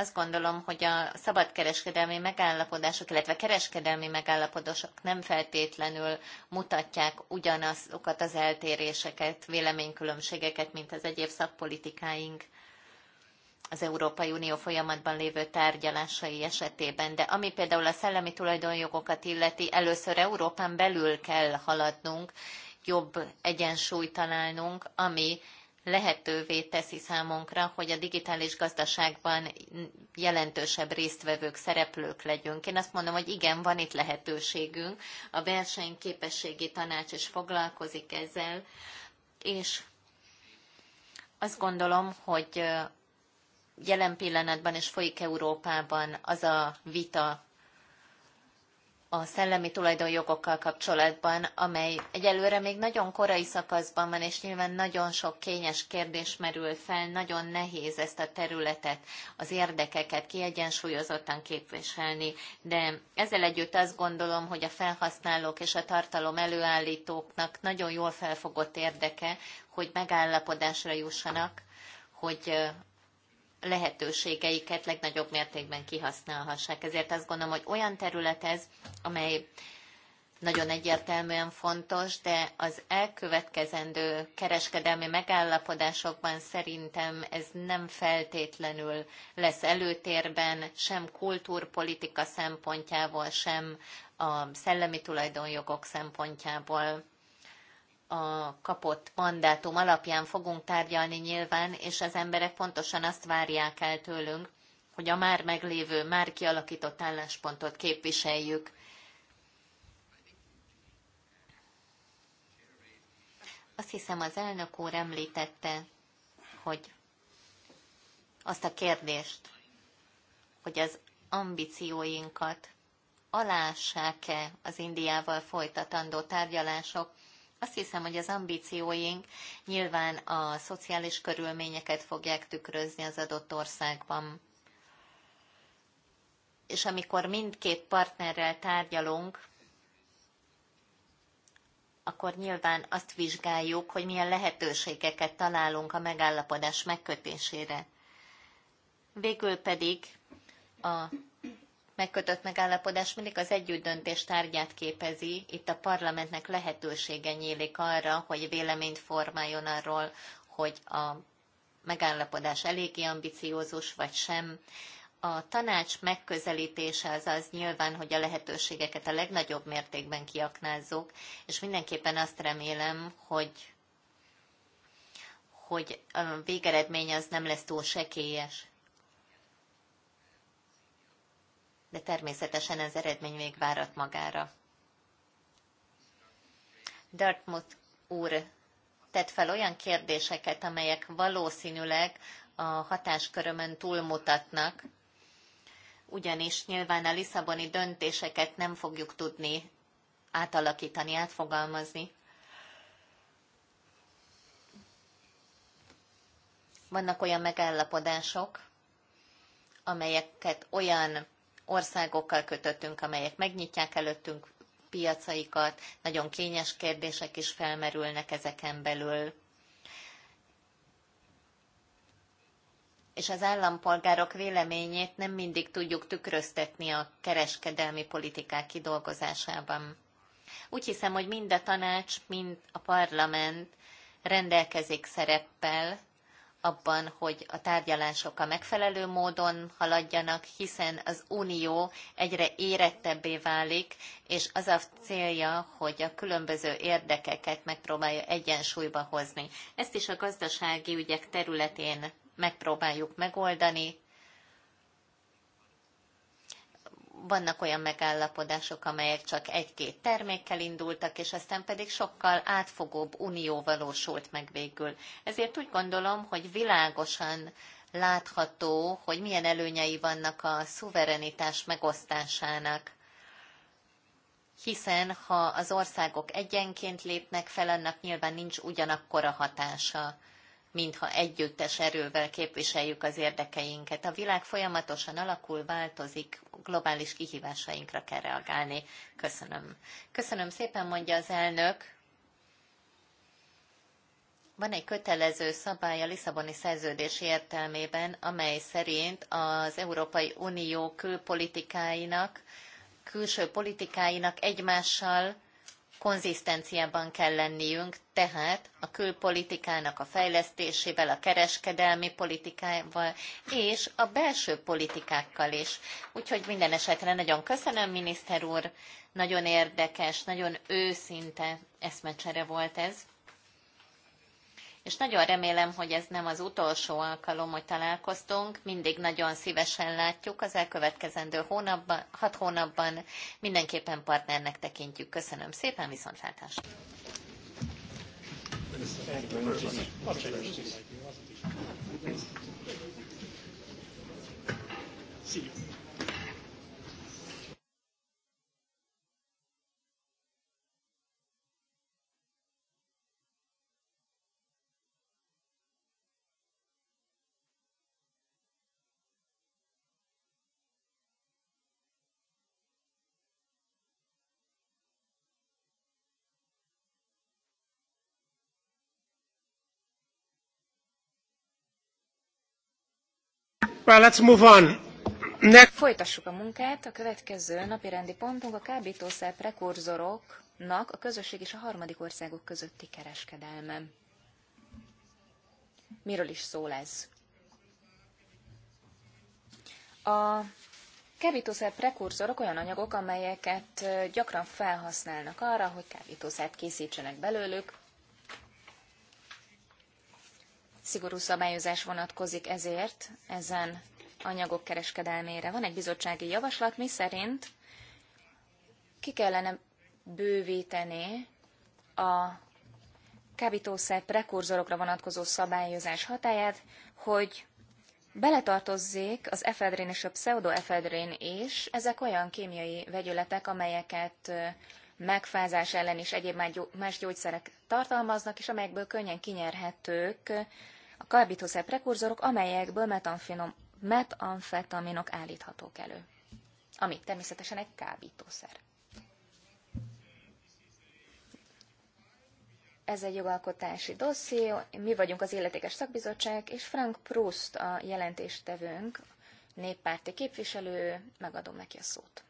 azt gondolom, hogy a szabadkereskedelmi megállapodások, illetve kereskedelmi megállapodások nem feltétlenül mutatják ugyanazokat az eltéréseket, véleménykülönbségeket, mint az egyéb szakpolitikáink az Európai Unió folyamatban lévő tárgyalásai esetében. De ami például a szellemi tulajdonjogokat illeti, először Európán belül kell haladnunk, jobb egyensúlyt találnunk, ami lehetővé teszi számunkra, hogy a digitális gazdaságban jelentősebb résztvevők, szereplők legyünk. Én azt mondom, hogy igen, van itt lehetőségünk. A versenyképességi tanács is foglalkozik ezzel, és azt gondolom, hogy jelen pillanatban is folyik Európában az a vita, a szellemi tulajdonjogokkal kapcsolatban, amely egyelőre még nagyon korai szakaszban van, és nyilván nagyon sok kényes kérdés merül fel, nagyon nehéz ezt a területet, az érdekeket kiegyensúlyozottan képviselni, de ezzel együtt azt gondolom, hogy a felhasználók és a tartalom előállítóknak nagyon jól felfogott érdeke, hogy megállapodásra jussanak, hogy lehetőségeiket legnagyobb mértékben kihasználhassák. Ezért azt gondolom, hogy olyan terület ez, amely nagyon egyértelműen fontos, de az elkövetkezendő kereskedelmi megállapodásokban szerintem ez nem feltétlenül lesz előtérben, sem kultúrpolitika szempontjából, sem a szellemi tulajdonjogok szempontjából a kapott mandátum alapján fogunk tárgyalni nyilván, és az emberek pontosan azt várják el tőlünk, hogy a már meglévő, már kialakított álláspontot képviseljük. Azt hiszem az elnök úr említette, hogy azt a kérdést, hogy az ambícióinkat alássák-e az Indiával folytatandó tárgyalások, azt hiszem, hogy az ambícióink nyilván a szociális körülményeket fogják tükrözni az adott országban. És amikor mindkét partnerrel tárgyalunk, akkor nyilván azt vizsgáljuk, hogy milyen lehetőségeket találunk a megállapodás megkötésére. Végül pedig a megkötött megállapodás mindig az együttdöntés tárgyát képezi, itt a parlamentnek lehetősége nyílik arra, hogy véleményt formáljon arról, hogy a megállapodás eléggé ambiciózus vagy sem. A tanács megközelítése az az nyilván, hogy a lehetőségeket a legnagyobb mértékben kiaknázzuk, és mindenképpen azt remélem, hogy hogy a végeredmény az nem lesz túl sekélyes. de természetesen ez eredmény még várat magára. Dartmouth úr tett fel olyan kérdéseket, amelyek valószínűleg a hatáskörömön túlmutatnak, ugyanis nyilván a Lisszaboni döntéseket nem fogjuk tudni átalakítani, átfogalmazni. Vannak olyan megállapodások, amelyeket olyan országokkal kötöttünk, amelyek megnyitják előttünk piacaikat, nagyon kényes kérdések is felmerülnek ezeken belül. és az állampolgárok véleményét nem mindig tudjuk tükröztetni a kereskedelmi politikák kidolgozásában. Úgy hiszem, hogy mind a tanács, mind a parlament rendelkezik szereppel abban, hogy a tárgyalások a megfelelő módon haladjanak, hiszen az Unió egyre érettebbé válik, és az a célja, hogy a különböző érdekeket megpróbálja egyensúlyba hozni. Ezt is a gazdasági ügyek területén megpróbáljuk megoldani, vannak olyan megállapodások, amelyek csak egy-két termékkel indultak, és aztán pedig sokkal átfogóbb unió valósult meg végül. Ezért úgy gondolom, hogy világosan látható, hogy milyen előnyei vannak a szuverenitás megosztásának. Hiszen ha az országok egyenként lépnek fel, annak nyilván nincs ugyanakkora hatása mintha együttes erővel képviseljük az érdekeinket. A világ folyamatosan alakul, változik, globális kihívásainkra kell reagálni. Köszönöm. Köszönöm szépen, mondja az elnök. Van egy kötelező szabály a Lisszaboni szerződés értelmében, amely szerint az Európai Unió külpolitikáinak, külső politikáinak egymással konzisztenciában kell lenniünk, tehát a külpolitikának a fejlesztésével, a kereskedelmi politikával és a belső politikákkal is. Úgyhogy minden esetre nagyon köszönöm, miniszter úr, nagyon érdekes, nagyon őszinte eszmecsere volt ez és nagyon remélem, hogy ez nem az utolsó alkalom, hogy találkoztunk. Mindig nagyon szívesen látjuk az elkövetkezendő hónapban, hat hónapban. Mindenképpen partnernek tekintjük. Köszönöm szépen, viszontlátásra! See you. Well, let's move on. Folytassuk a munkát. A következő napi rendi pontunk a kábítószer prekurzoroknak a közösség és a harmadik országok közötti kereskedelme. Miről is szól ez? A kábítószer prekurzorok olyan anyagok, amelyeket gyakran felhasználnak arra, hogy kábítószert készítsenek belőlük, Szigorú szabályozás vonatkozik ezért ezen anyagok kereskedelmére. Van egy bizottsági javaslat, mi szerint ki kellene bővíteni a kábítószer prekurzorokra vonatkozó szabályozás hatáját, hogy beletartozzék az efedrén és a pseudoefedrén is. Ezek olyan kémiai vegyületek, amelyeket megfázás ellen és egyéb más gyógyszerek tartalmaznak, és amelyekből könnyen kinyerhetők kábítószer prekurzorok, amelyekből metamfinom, metamfetaminok állíthatók elő. Ami természetesen egy kábítószer. Ez egy jogalkotási dosszió. mi vagyunk az Illetékes Szakbizottság, és Frank Proust a jelentéstevőnk, néppárti képviselő, megadom neki a szót.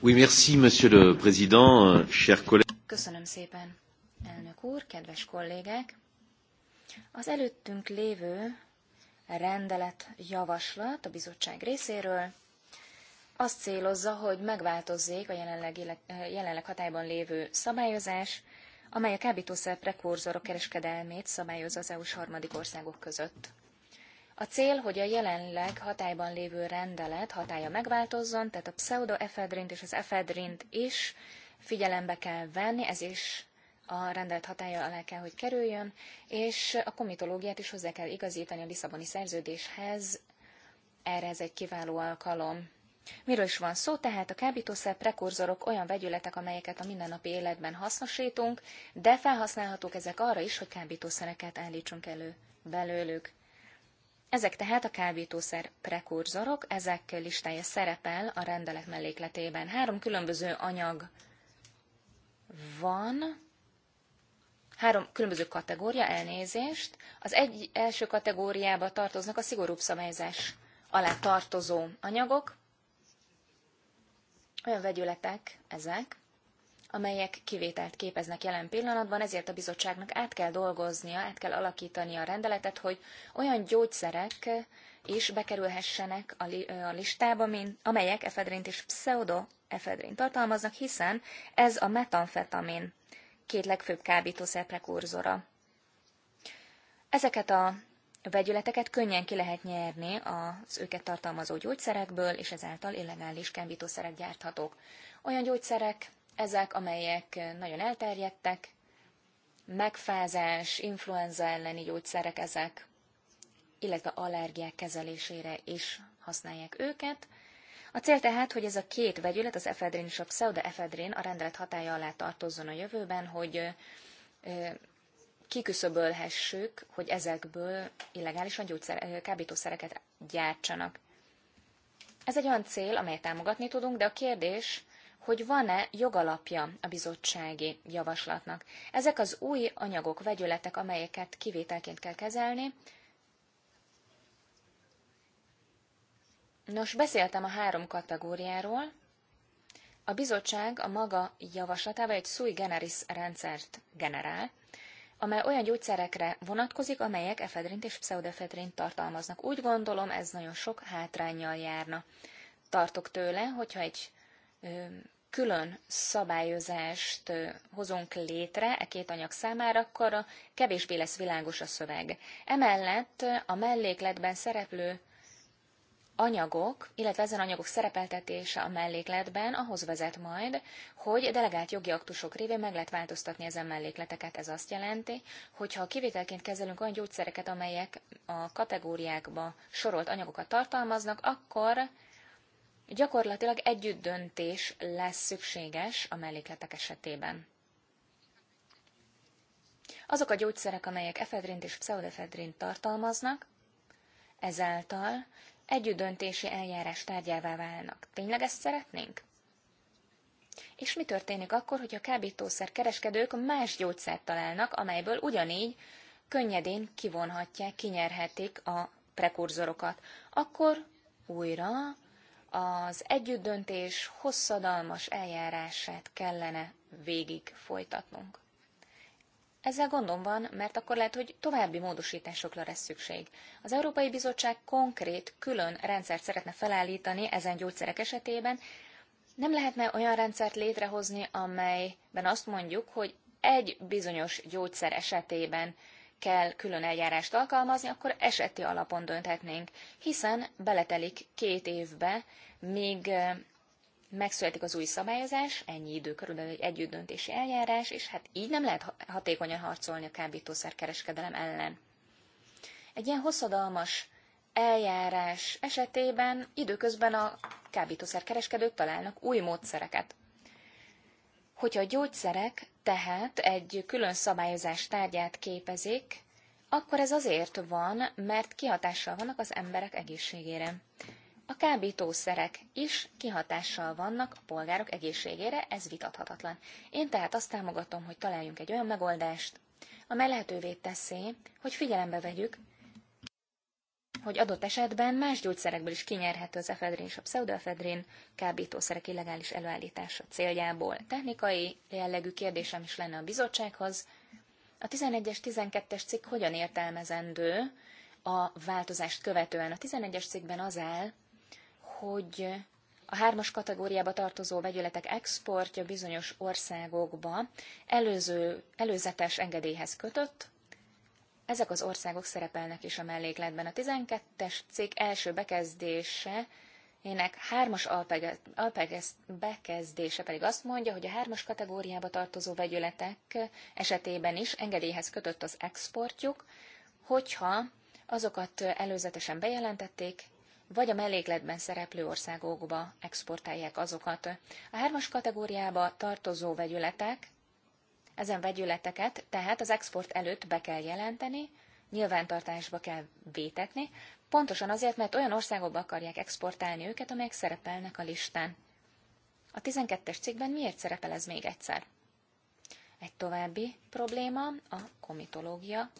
Oui, merci, monsieur le président, chers collègues. Köszönöm szépen, elnök úr, kedves kollégák! Az előttünk lévő rendelet javaslat a bizottság részéről azt célozza, hogy megváltozzék a jelenleg, jelenleg hatályban lévő szabályozás, amely a kábítószer prekurzorok kereskedelmét szabályozza az EU-s harmadik országok között. A cél, hogy a jelenleg hatályban lévő rendelet hatája megváltozzon, tehát a pseudoefedrint és az efedrint is figyelembe kell venni, ez is a rendelt hatája alá kell, hogy kerüljön, és a komitológiát is hozzá kell igazítani a Lisszaboni szerződéshez. Erre ez egy kiváló alkalom. Miről is van szó? Tehát a kábítószer prekurzorok olyan vegyületek, amelyeket a mindennapi életben hasznosítunk, de felhasználhatók ezek arra is, hogy kábítószereket állítsunk elő belőlük. Ezek tehát a kábítószer prekurzorok, ezek listája szerepel a rendelet mellékletében. Három különböző anyag van, három különböző kategória, elnézést. Az egy első kategóriába tartoznak a szigorúbb szabályzás alá tartozó anyagok, olyan vegyületek ezek, amelyek kivételt képeznek jelen pillanatban, ezért a bizottságnak át kell dolgoznia, át kell alakítania a rendeletet, hogy olyan gyógyszerek is bekerülhessenek a, listába, mint, amelyek efedrint és pseudoefedrint tartalmaznak, hiszen ez a metamfetamin két legfőbb kábítószer prekurzora. Ezeket a vegyületeket könnyen ki lehet nyerni az őket tartalmazó gyógyszerekből, és ezáltal illegális kábítószerek gyárthatók. Olyan gyógyszerek ezek, amelyek nagyon elterjedtek, megfázás, influenza elleni gyógyszerek ezek, illetve allergiák kezelésére is használják őket, a cél tehát, hogy ez a két vegyület, az efedrin és a pseudoefedrin a rendelet hatája alá tartozzon a jövőben, hogy kiküszöbölhessük, hogy ezekből illegálisan gyógyszer, kábítószereket gyártsanak. Ez egy olyan cél, amelyet támogatni tudunk, de a kérdés, hogy van-e jogalapja a bizottsági javaslatnak. Ezek az új anyagok, vegyületek, amelyeket kivételként kell kezelni, Nos, beszéltem a három kategóriáról. A bizottság a maga javaslatával egy sui generis rendszert generál, amely olyan gyógyszerekre vonatkozik, amelyek efedrint és pseudefedrint tartalmaznak. Úgy gondolom, ez nagyon sok hátrányjal járna. Tartok tőle, hogyha egy ö, külön szabályozást ö, hozunk létre e két anyag számára, akkor a kevésbé lesz világos a szöveg. Emellett a mellékletben szereplő anyagok, illetve ezen anyagok szerepeltetése a mellékletben ahhoz vezet majd, hogy delegált jogi aktusok révén meg lehet változtatni ezen mellékleteket. Ez azt jelenti, hogy ha kivételként kezelünk olyan gyógyszereket, amelyek a kategóriákba sorolt anyagokat tartalmaznak, akkor gyakorlatilag együtt döntés lesz szükséges a mellékletek esetében. Azok a gyógyszerek, amelyek efedrint és pseudefedrint tartalmaznak, ezáltal együttdöntési eljárás tárgyává válnak. Tényleg ezt szeretnénk? És mi történik akkor, hogy a kábítószer kereskedők más gyógyszert találnak, amelyből ugyanígy könnyedén kivonhatják, kinyerhetik a prekurzorokat. Akkor újra az együttdöntés hosszadalmas eljárását kellene végig folytatnunk. Ezzel gondom van, mert akkor lehet, hogy további módosításokra lesz szükség. Az Európai Bizottság konkrét, külön rendszert szeretne felállítani ezen gyógyszerek esetében. Nem lehetne olyan rendszert létrehozni, amelyben azt mondjuk, hogy egy bizonyos gyógyszer esetében kell külön eljárást alkalmazni, akkor eseti alapon dönthetnénk, hiszen beletelik két évbe, míg megszületik az új szabályozás, ennyi idő körülbelül egy együttdöntési eljárás, és hát így nem lehet hatékonyan harcolni a kábítószerkereskedelem ellen. Egy ilyen hosszadalmas eljárás esetében időközben a kábítószerkereskedők találnak új módszereket. Hogyha a gyógyszerek tehát egy külön szabályozás tárgyát képezik, akkor ez azért van, mert kihatással vannak az emberek egészségére. A kábítószerek is kihatással vannak a polgárok egészségére, ez vitathatatlan. Én tehát azt támogatom, hogy találjunk egy olyan megoldást, amely lehetővé teszi, hogy figyelembe vegyük, hogy adott esetben más gyógyszerekből is kinyerhető az efedrin és a pseudoefedrin kábítószerek illegális előállítása céljából. Technikai jellegű kérdésem is lenne a bizottsághoz. A 11-es, 12-es cikk hogyan értelmezendő a változást követően? A 11-es cikkben az áll, hogy a hármas kategóriába tartozó vegyületek exportja bizonyos országokba előző, előzetes engedélyhez kötött. Ezek az országok szerepelnek is a mellékletben. A 12-es cikk első bekezdése ének hármas alpege, bekezdése pedig azt mondja, hogy a hármas kategóriába tartozó vegyületek esetében is engedélyhez kötött az exportjuk, hogyha azokat előzetesen bejelentették, vagy a mellékletben szereplő országokba exportálják azokat. A hármas kategóriába tartozó vegyületek, ezen vegyületeket tehát az export előtt be kell jelenteni, nyilvántartásba kell vétetni, pontosan azért, mert olyan országokba akarják exportálni őket, amelyek szerepelnek a listán. A 12-es cikkben miért szerepel ez még egyszer? Egy további probléma a komitológia.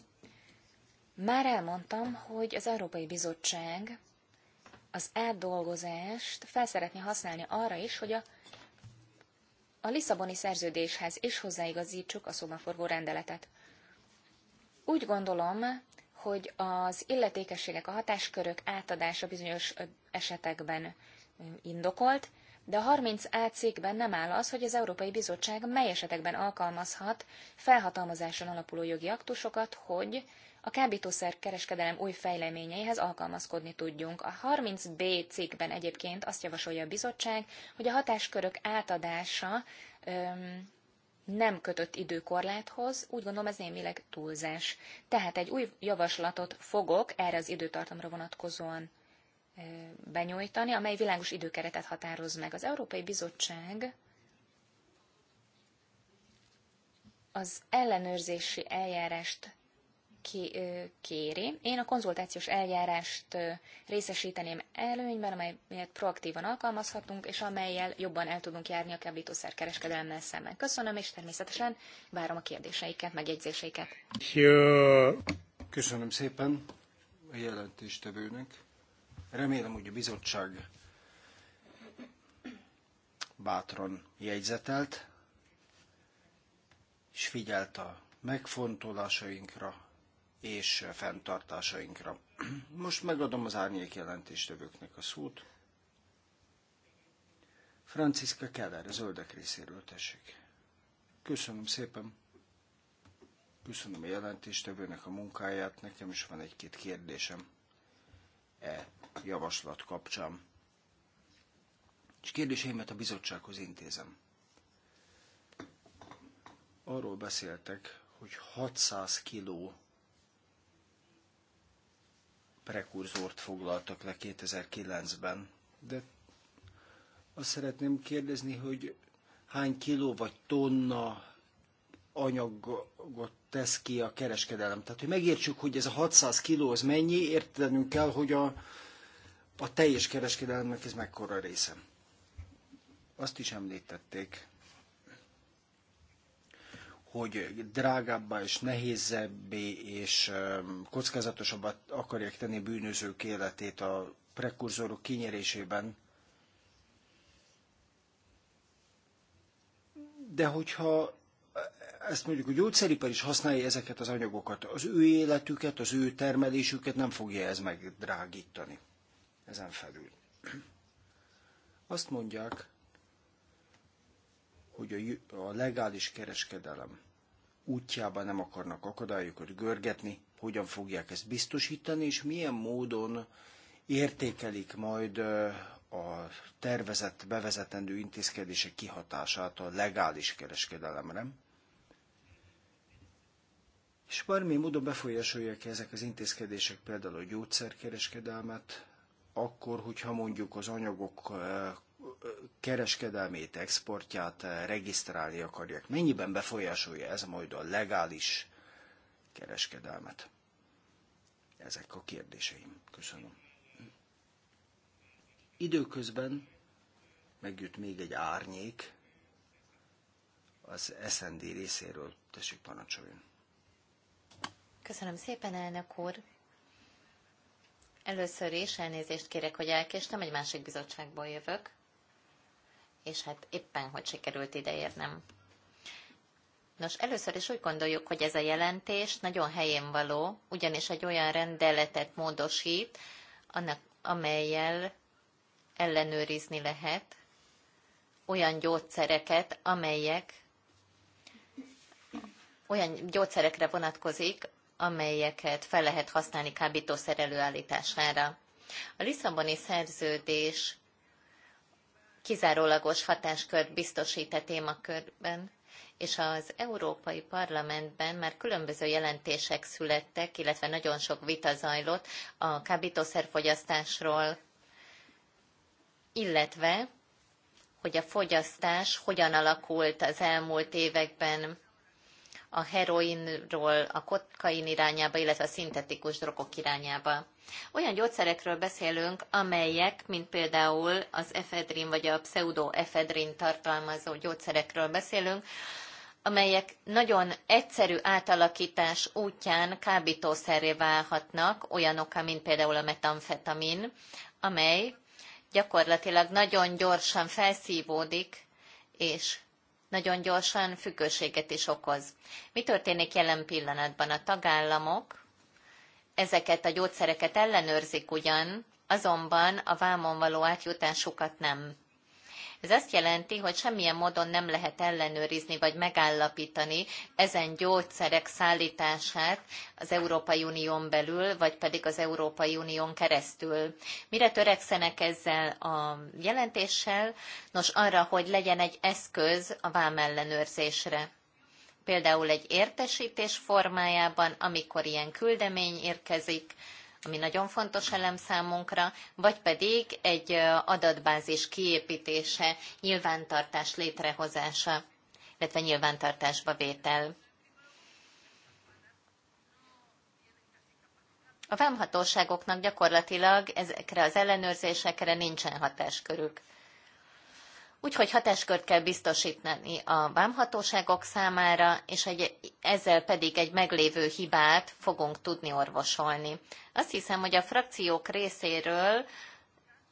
Már elmondtam, hogy az Európai Bizottság az átdolgozást fel szeretné használni arra is, hogy a, a Lisszaboni szerződéshez is hozzáigazítsuk a szobaforgó rendeletet. Úgy gondolom, hogy az illetékességek, a hatáskörök átadása bizonyos esetekben indokolt, de a 30 A cikkben nem áll az, hogy az Európai Bizottság mely esetekben alkalmazhat felhatalmazáson alapuló jogi aktusokat, hogy a kábítószer kereskedelem új fejleményeihez alkalmazkodni tudjunk. A 30B cikkben egyébként azt javasolja a bizottság, hogy a hatáskörök átadása öm, nem kötött időkorláthoz, úgy gondolom ez némileg túlzás. Tehát egy új javaslatot fogok erre az időtartamra vonatkozóan benyújtani, amely világos időkeretet határoz meg. Az Európai Bizottság az ellenőrzési eljárást kéri. Én a konzultációs eljárást részesíteném előnyben, amelyet proaktívan alkalmazhatunk, és amelyel jobban el tudunk járni a kábítószer kereskedelemmel szemben. Köszönöm, és természetesen várom a kérdéseiket, megjegyzéseiket. Köszönöm szépen a jelentéstevőnek. Remélem, hogy a bizottság bátran jegyzetelt, és figyelt a megfontolásainkra, és fenntartásainkra. Most megadom az árnyék jelentéstevőknek a szót. Franciszka Keller, zöldek részéről tessék. Köszönöm szépen. Köszönöm a jelentéstevőnek a munkáját, nekem is van egy-két kérdésem e javaslat kapcsán. És kérdéseimet a bizottsághoz intézem. Arról beszéltek, hogy 600 kiló prekurzort foglaltak le 2009-ben, de azt szeretném kérdezni, hogy hány kiló vagy tonna anyagot tesz ki a kereskedelem. Tehát, hogy megértsük, hogy ez a 600 kiló az mennyi, értenünk kell, hogy a, a teljes kereskedelemnek ez mekkora része. Azt is említették, hogy drágábbá és nehézebbé és kockázatosabbá akarják tenni bűnözők életét a prekurzorok kinyerésében. De hogyha ezt mondjuk a gyógyszeripar is használja ezeket az anyagokat, az ő életüket, az ő termelésüket nem fogja ez megdrágítani. Ezen felül. Azt mondják, hogy a legális kereskedelem útjában nem akarnak akadályokat görgetni, hogyan fogják ezt biztosítani, és milyen módon értékelik majd a tervezett, bevezetendő intézkedések kihatását a legális kereskedelemre. És bármi módon befolyásolják ezek az intézkedések például a gyógyszerkereskedelmet, akkor, hogyha mondjuk az anyagok kereskedelmét, exportját regisztrálni akarják. Mennyiben befolyásolja ez majd a legális kereskedelmet? Ezek a kérdéseim. Köszönöm. Időközben megjött még egy árnyék az SND részéről. Tessék, parancsoljon. Köszönöm szépen, elnök úr. Először is elnézést kérek, hogy elkéstem, egy másik bizottságból jövök és hát éppen, hogy sikerült ideérnem. Nos, először is úgy gondoljuk, hogy ez a jelentés nagyon helyén való, ugyanis egy olyan rendeletet módosít, annak, amelyel ellenőrizni lehet olyan gyógyszereket, amelyek olyan gyógyszerekre vonatkozik, amelyeket fel lehet használni kábítószer előállítására. A Lisszaboni szerződés kizárólagos hatáskört biztosít a témakörben, és az Európai Parlamentben már különböző jelentések születtek, illetve nagyon sok vita zajlott a kábítószerfogyasztásról, illetve hogy a fogyasztás hogyan alakult az elmúlt években a heroinról a kokain irányába, illetve a szintetikus drogok irányába. Olyan gyógyszerekről beszélünk, amelyek, mint például az efedrin vagy a pseudoefedrin tartalmazó gyógyszerekről beszélünk, amelyek nagyon egyszerű átalakítás útján kábítószerré válhatnak, olyanok, mint például a metamfetamin, amely gyakorlatilag nagyon gyorsan felszívódik, és nagyon gyorsan függőséget is okoz. Mi történik jelen pillanatban? A tagállamok ezeket a gyógyszereket ellenőrzik ugyan, azonban a vámon való átjutásukat nem. Ez azt jelenti, hogy semmilyen módon nem lehet ellenőrizni vagy megállapítani ezen gyógyszerek szállítását az Európai Unión belül, vagy pedig az Európai Unión keresztül. Mire törekszenek ezzel a jelentéssel? Nos, arra, hogy legyen egy eszköz a vámellenőrzésre például egy értesítés formájában, amikor ilyen küldemény érkezik, ami nagyon fontos elem számunkra, vagy pedig egy adatbázis kiépítése, nyilvántartás létrehozása, illetve nyilvántartásba vétel. A vámhatóságoknak gyakorlatilag ezekre az ellenőrzésekre nincsen hatáskörük. Úgyhogy hatáskört kell biztosítani a vámhatóságok számára, és egy, ezzel pedig egy meglévő hibát fogunk tudni orvosolni. Azt hiszem, hogy a frakciók részéről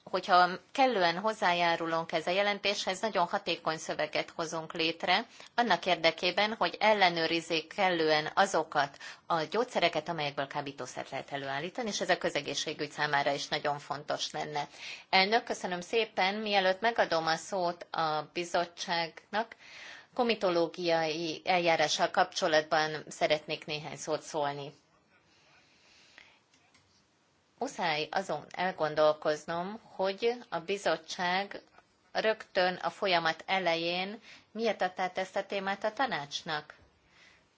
hogyha kellően hozzájárulunk ez a jelentéshez, nagyon hatékony szöveget hozunk létre, annak érdekében, hogy ellenőrizzék kellően azokat a gyógyszereket, amelyekből kábítószert lehet előállítani, és ez a közegészségügy számára is nagyon fontos lenne. Elnök, köszönöm szépen, mielőtt megadom a szót a bizottságnak, komitológiai eljárással kapcsolatban szeretnék néhány szót szólni muszáj azon elgondolkoznom, hogy a bizottság rögtön a folyamat elején miért adtát ezt a témát a tanácsnak.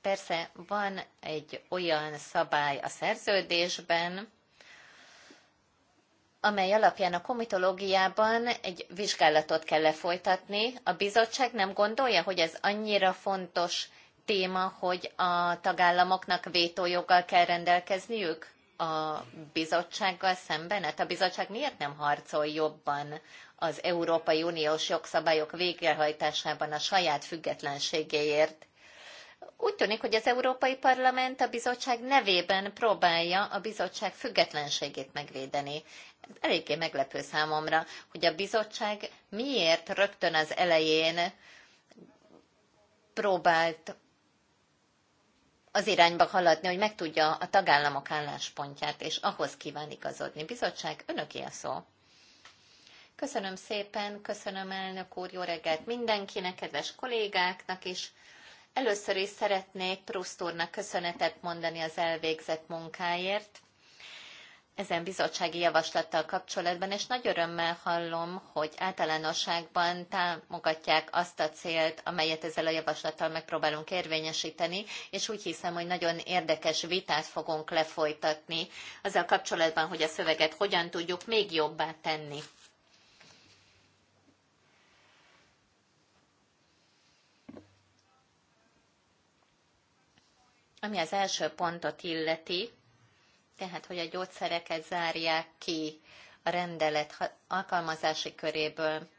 Persze van egy olyan szabály a szerződésben, amely alapján a komitológiában egy vizsgálatot kell lefolytatni. A bizottság nem gondolja, hogy ez annyira fontos téma, hogy a tagállamoknak vétójoggal kell rendelkezniük? a bizottsággal szemben? Hát a bizottság miért nem harcol jobban az Európai Uniós jogszabályok végrehajtásában a saját függetlenségéért? Úgy tűnik, hogy az Európai Parlament a bizottság nevében próbálja a bizottság függetlenségét megvédeni. Ez eléggé meglepő számomra, hogy a bizottság miért rögtön az elején próbált az irányba haladni, hogy megtudja a tagállamok álláspontját, és ahhoz kíván igazodni. Bizottság, önöké a szó. Köszönöm szépen, köszönöm elnök úr, jó reggelt mindenkinek, kedves kollégáknak is. Először is szeretnék Proust úrnak köszönetet mondani az elvégzett munkáért ezen bizottsági javaslattal kapcsolatban, és nagy örömmel hallom, hogy általánosságban támogatják azt a célt, amelyet ezzel a javaslattal megpróbálunk érvényesíteni, és úgy hiszem, hogy nagyon érdekes vitát fogunk lefolytatni azzal kapcsolatban, hogy a szöveget hogyan tudjuk még jobbá tenni. Ami az első pontot illeti, tehát hogy a gyógyszereket zárják ki a rendelet alkalmazási köréből.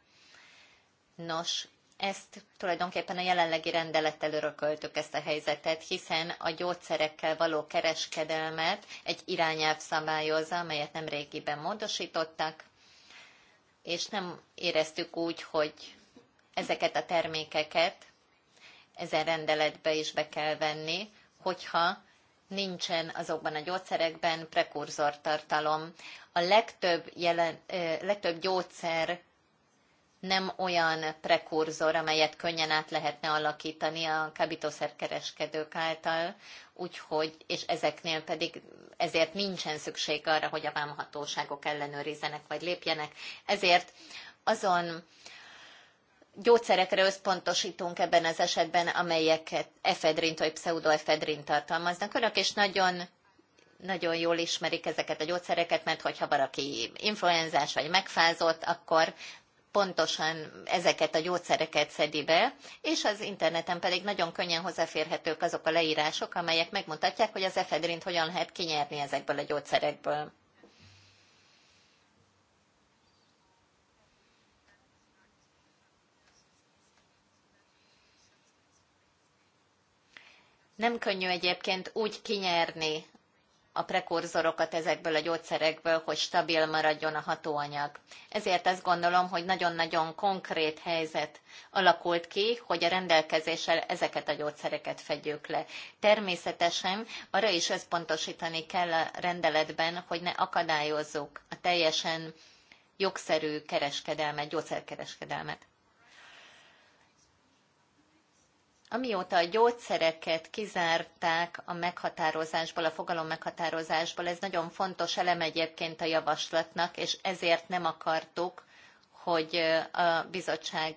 Nos, ezt tulajdonképpen a jelenlegi rendelettel örököltük ezt a helyzetet, hiszen a gyógyszerekkel való kereskedelmet egy irányelv szabályozza, amelyet nem régiben módosítottak, és nem éreztük úgy, hogy ezeket a termékeket ezen rendeletbe is be kell venni, hogyha nincsen azokban a gyógyszerekben prekurzortartalom. A legtöbb, jelen, legtöbb gyógyszer nem olyan prekurzor, amelyet könnyen át lehetne alakítani a kábítószerkereskedők által, úgyhogy, és ezeknél pedig ezért nincsen szükség arra, hogy a vámhatóságok ellenőrizzenek vagy lépjenek. Ezért azon gyógyszerekre összpontosítunk ebben az esetben, amelyeket efedrint vagy pseudoefedrint tartalmaznak. Önök és nagyon nagyon jól ismerik ezeket a gyógyszereket, mert hogyha valaki influenzás vagy megfázott, akkor pontosan ezeket a gyógyszereket szedi be, és az interneten pedig nagyon könnyen hozzáférhetők azok a leírások, amelyek megmutatják, hogy az efedrint hogyan lehet kinyerni ezekből a gyógyszerekből. Nem könnyű egyébként úgy kinyerni a prekurzorokat ezekből a gyógyszerekből, hogy stabil maradjon a hatóanyag. Ezért azt gondolom, hogy nagyon-nagyon konkrét helyzet alakult ki, hogy a rendelkezéssel ezeket a gyógyszereket fedjük le. Természetesen arra is összpontosítani kell a rendeletben, hogy ne akadályozzuk a teljesen jogszerű kereskedelmet, gyógyszerkereskedelmet. Amióta a gyógyszereket kizárták a meghatározásból, a fogalom meghatározásból, ez nagyon fontos elem egyébként a javaslatnak, és ezért nem akartuk, hogy a bizottság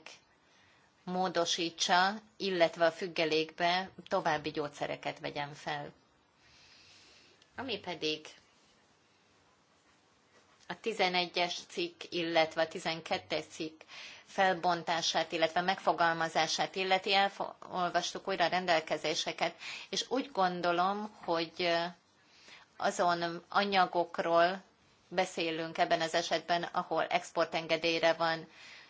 módosítsa, illetve a függelékbe további gyógyszereket vegyen fel. Ami pedig a 11-es cikk, illetve a 12-es cikk felbontását, illetve megfogalmazását illeti, elolvastuk újra a rendelkezéseket, és úgy gondolom, hogy azon anyagokról beszélünk ebben az esetben, ahol exportengedélyre van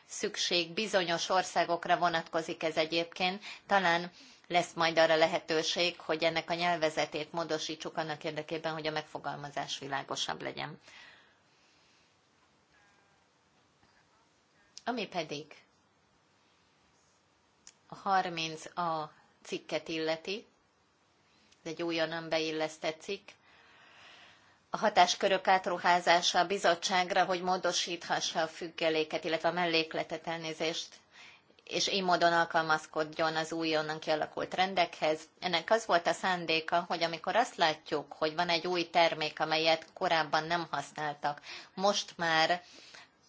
szükség, bizonyos országokra vonatkozik ez egyébként, talán lesz majd arra lehetőség, hogy ennek a nyelvezetét módosítsuk annak érdekében, hogy a megfogalmazás világosabb legyen. Ami pedig a 30 a cikket illeti, ez egy újonnan beillesztett cikk, a hatáskörök átruházása a bizottságra, hogy módosíthassa a függeléket, illetve a mellékletet elnézést, és így módon alkalmazkodjon az újonnan kialakult rendekhez. Ennek az volt a szándéka, hogy amikor azt látjuk, hogy van egy új termék, amelyet korábban nem használtak, most már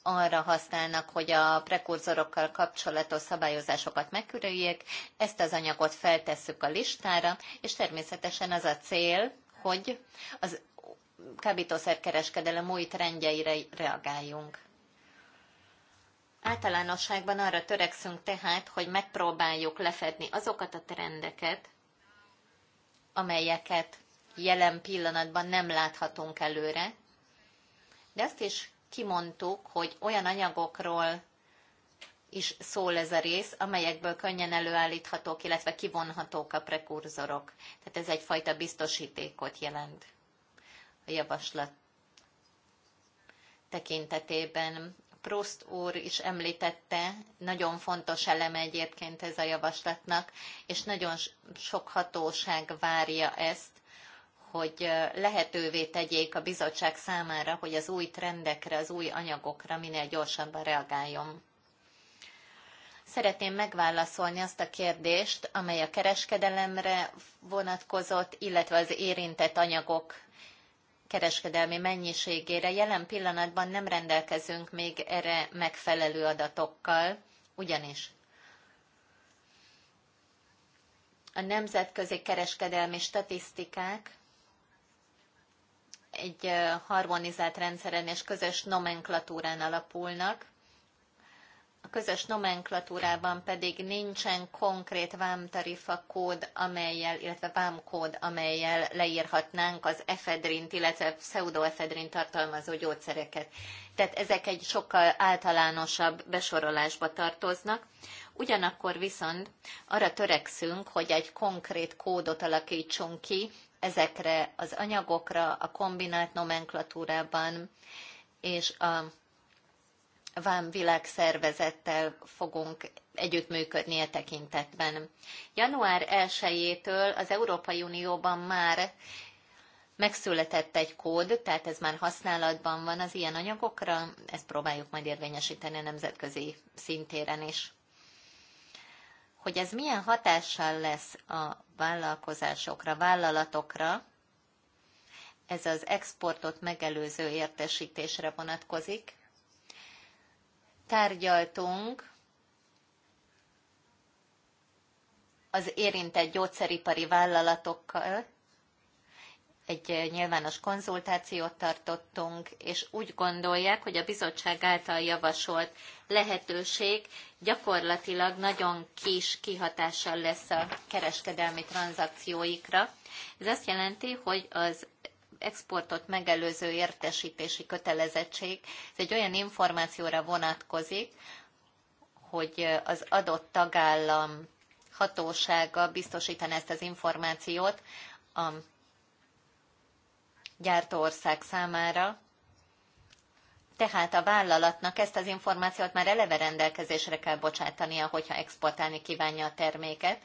arra használnak, hogy a prekurzorokkal kapcsolatos szabályozásokat megküreljék, ezt az anyagot feltesszük a listára, és természetesen az a cél, hogy az kábítószerkereskedelem új trendjeire reagáljunk. Általánosságban arra törekszünk tehát, hogy megpróbáljuk lefedni azokat a trendeket, amelyeket jelen pillanatban nem láthatunk előre, de azt is kimondtuk, hogy olyan anyagokról is szól ez a rész, amelyekből könnyen előállíthatók, illetve kivonhatók a prekurzorok. Tehát ez egyfajta biztosítékot jelent a javaslat tekintetében. Prost úr is említette, nagyon fontos eleme egyébként ez a javaslatnak, és nagyon sok hatóság várja ezt, hogy lehetővé tegyék a bizottság számára, hogy az új trendekre, az új anyagokra minél gyorsabban reagáljon. Szeretném megválaszolni azt a kérdést, amely a kereskedelemre vonatkozott, illetve az érintett anyagok kereskedelmi mennyiségére. Jelen pillanatban nem rendelkezünk még erre megfelelő adatokkal, ugyanis a nemzetközi kereskedelmi statisztikák egy harmonizált rendszeren és közös nomenklatúrán alapulnak. A közös nomenklatúrában pedig nincsen konkrét vámtarifa kód, amelyel, illetve vámkód, amelyel leírhatnánk az efedrint, illetve pseudoefedrint tartalmazó gyógyszereket. Tehát ezek egy sokkal általánosabb besorolásba tartoznak. Ugyanakkor viszont arra törekszünk, hogy egy konkrét kódot alakítsunk ki ezekre az anyagokra a kombinált nomenklatúrában, és a VAM világszervezettel fogunk együttműködni e tekintetben. Január 1-től az Európai Unióban már megszületett egy kód, tehát ez már használatban van az ilyen anyagokra, ezt próbáljuk majd érvényesíteni a nemzetközi szintéren is hogy ez milyen hatással lesz a vállalkozásokra, vállalatokra, ez az exportot megelőző értesítésre vonatkozik. Tárgyaltunk az érintett gyógyszeripari vállalatokkal, egy eh, nyilvános konzultációt tartottunk, és úgy gondolják, hogy a bizottság által javasolt lehetőség gyakorlatilag nagyon kis kihatással lesz a kereskedelmi tranzakcióikra. Ez azt jelenti, hogy az exportot megelőző értesítési kötelezettség, ez egy olyan információra vonatkozik, hogy az adott tagállam hatósága biztosítaná ezt az információt a gyártóország számára, tehát a vállalatnak ezt az információt már eleve rendelkezésre kell bocsátania, hogyha exportálni kívánja a terméket.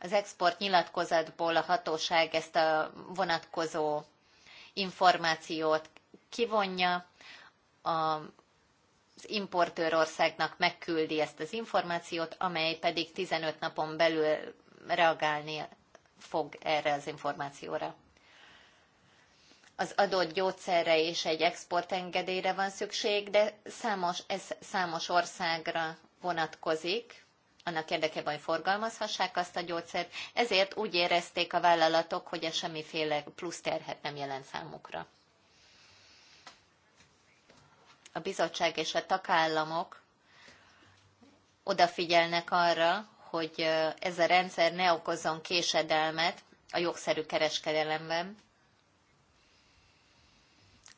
Az export nyilatkozatból a hatóság ezt a vonatkozó információt kivonja, az importőr országnak megküldi ezt az információt, amely pedig 15 napon belül reagálni fog erre az információra az adott gyógyszerre és egy exportengedélyre van szükség, de számos, ez számos országra vonatkozik, annak érdekében, hogy forgalmazhassák azt a gyógyszert, ezért úgy érezték a vállalatok, hogy ez semmiféle plusz terhet nem jelent számukra. A bizottság és a takállamok odafigyelnek arra, hogy ez a rendszer ne okozzon késedelmet a jogszerű kereskedelemben,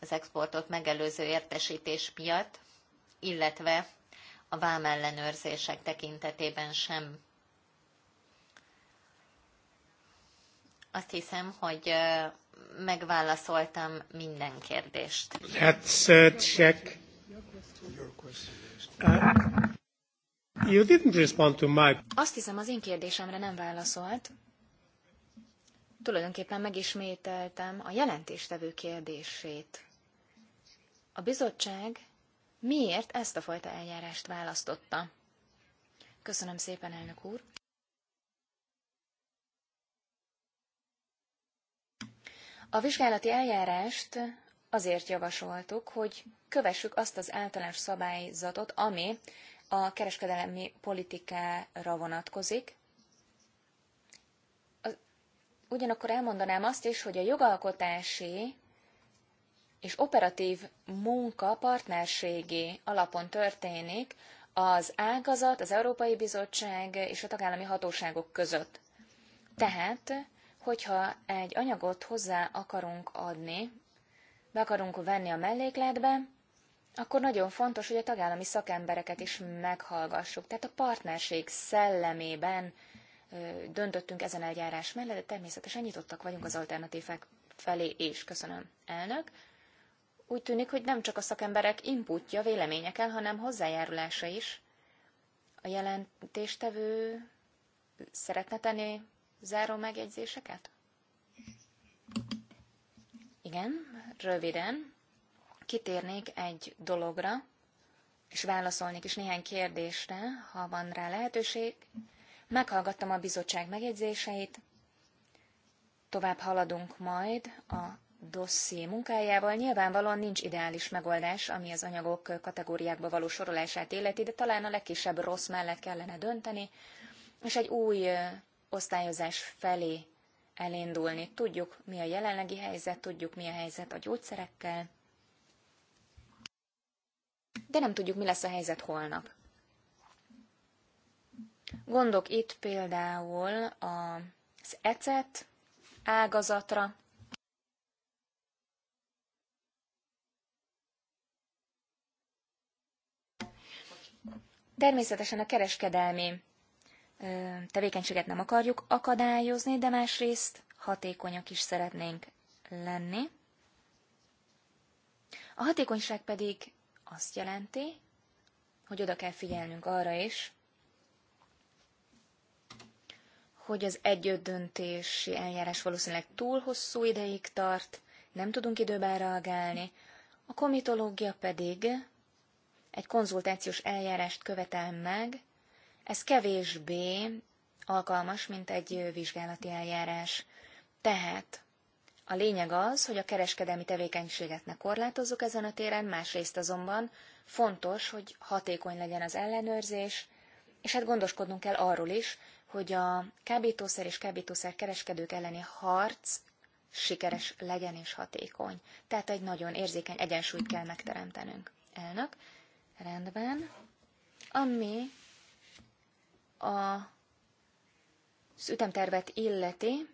az exportot megelőző értesítés miatt, illetve a vámellenőrzések tekintetében sem. Azt hiszem, hogy megválaszoltam minden kérdést. Let's uh, check. Uh, you didn't respond to my... Azt hiszem, az én kérdésemre nem válaszolt. Tulajdonképpen megismételtem a jelentéstevő kérdését a bizottság miért ezt a fajta eljárást választotta. Köszönöm szépen, elnök úr! A vizsgálati eljárást azért javasoltuk, hogy kövessük azt az általános szabályzatot, ami a kereskedelmi politikára vonatkozik. Ugyanakkor elmondanám azt is, hogy a jogalkotási és operatív munka partnerségi alapon történik az ágazat, az Európai Bizottság és a tagállami hatóságok között. Tehát, hogyha egy anyagot hozzá akarunk adni, be akarunk venni a mellékletbe, akkor nagyon fontos, hogy a tagállami szakembereket is meghallgassuk. Tehát a partnerség szellemében döntöttünk ezen eljárás mellett, de természetesen nyitottak vagyunk az alternatívek felé is. Köszönöm, elnök úgy tűnik, hogy nem csak a szakemberek inputja véleménye kell, hanem hozzájárulása is. A jelentéstevő szeretne tenni záró megjegyzéseket? Igen, röviden. Kitérnék egy dologra, és válaszolnék is néhány kérdésre, ha van rá lehetőség. Meghallgattam a bizottság megjegyzéseit, tovább haladunk majd a dosszié munkájával. Nyilvánvalóan nincs ideális megoldás, ami az anyagok kategóriákba való sorolását illeti, de talán a legkisebb rossz mellett kellene dönteni, és egy új osztályozás felé elindulni. Tudjuk, mi a jelenlegi helyzet, tudjuk, mi a helyzet a gyógyszerekkel, de nem tudjuk, mi lesz a helyzet holnap. Gondok itt például az ecet ágazatra, Természetesen a kereskedelmi tevékenységet nem akarjuk akadályozni, de másrészt hatékonyak is szeretnénk lenni. A hatékonyság pedig azt jelenti, hogy oda kell figyelnünk arra is, hogy az egyöt döntési eljárás valószínűleg túl hosszú ideig tart, nem tudunk időben reagálni, a komitológia pedig egy konzultációs eljárást követel meg, ez kevésbé alkalmas, mint egy vizsgálati eljárás. Tehát a lényeg az, hogy a kereskedelmi tevékenységet ne korlátozzuk ezen a téren, másrészt azonban fontos, hogy hatékony legyen az ellenőrzés, és hát gondoskodnunk kell arról is, hogy a kábítószer és kábítószer kereskedők elleni harc sikeres legyen és hatékony. Tehát egy nagyon érzékeny egyensúlyt kell megteremtenünk. Elnök, Rendben. Ami a, ütemtervet illeti,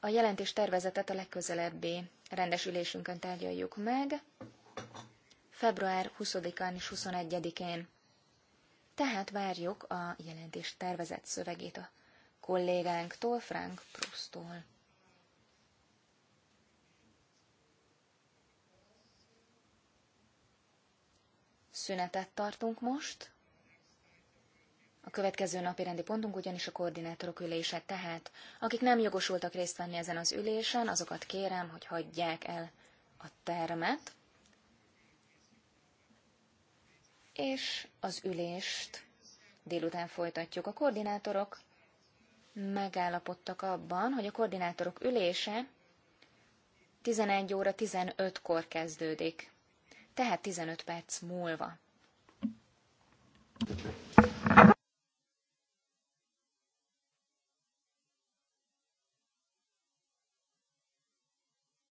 a jelentés tervezetet a legközelebbi rendes ülésünkön tárgyaljuk meg, február 20-án és 21-én. Tehát várjuk a jelentés tervezett szövegét a kollégánktól, Frank Prusttól. szünetet tartunk most. A következő napi rendi pontunk ugyanis a koordinátorok ülése, tehát akik nem jogosultak részt venni ezen az ülésen, azokat kérem, hogy hagyják el a termet, és az ülést délután folytatjuk. A koordinátorok megállapodtak abban, hogy a koordinátorok ülése 11 óra 15-kor kezdődik tehát 15 perc múlva.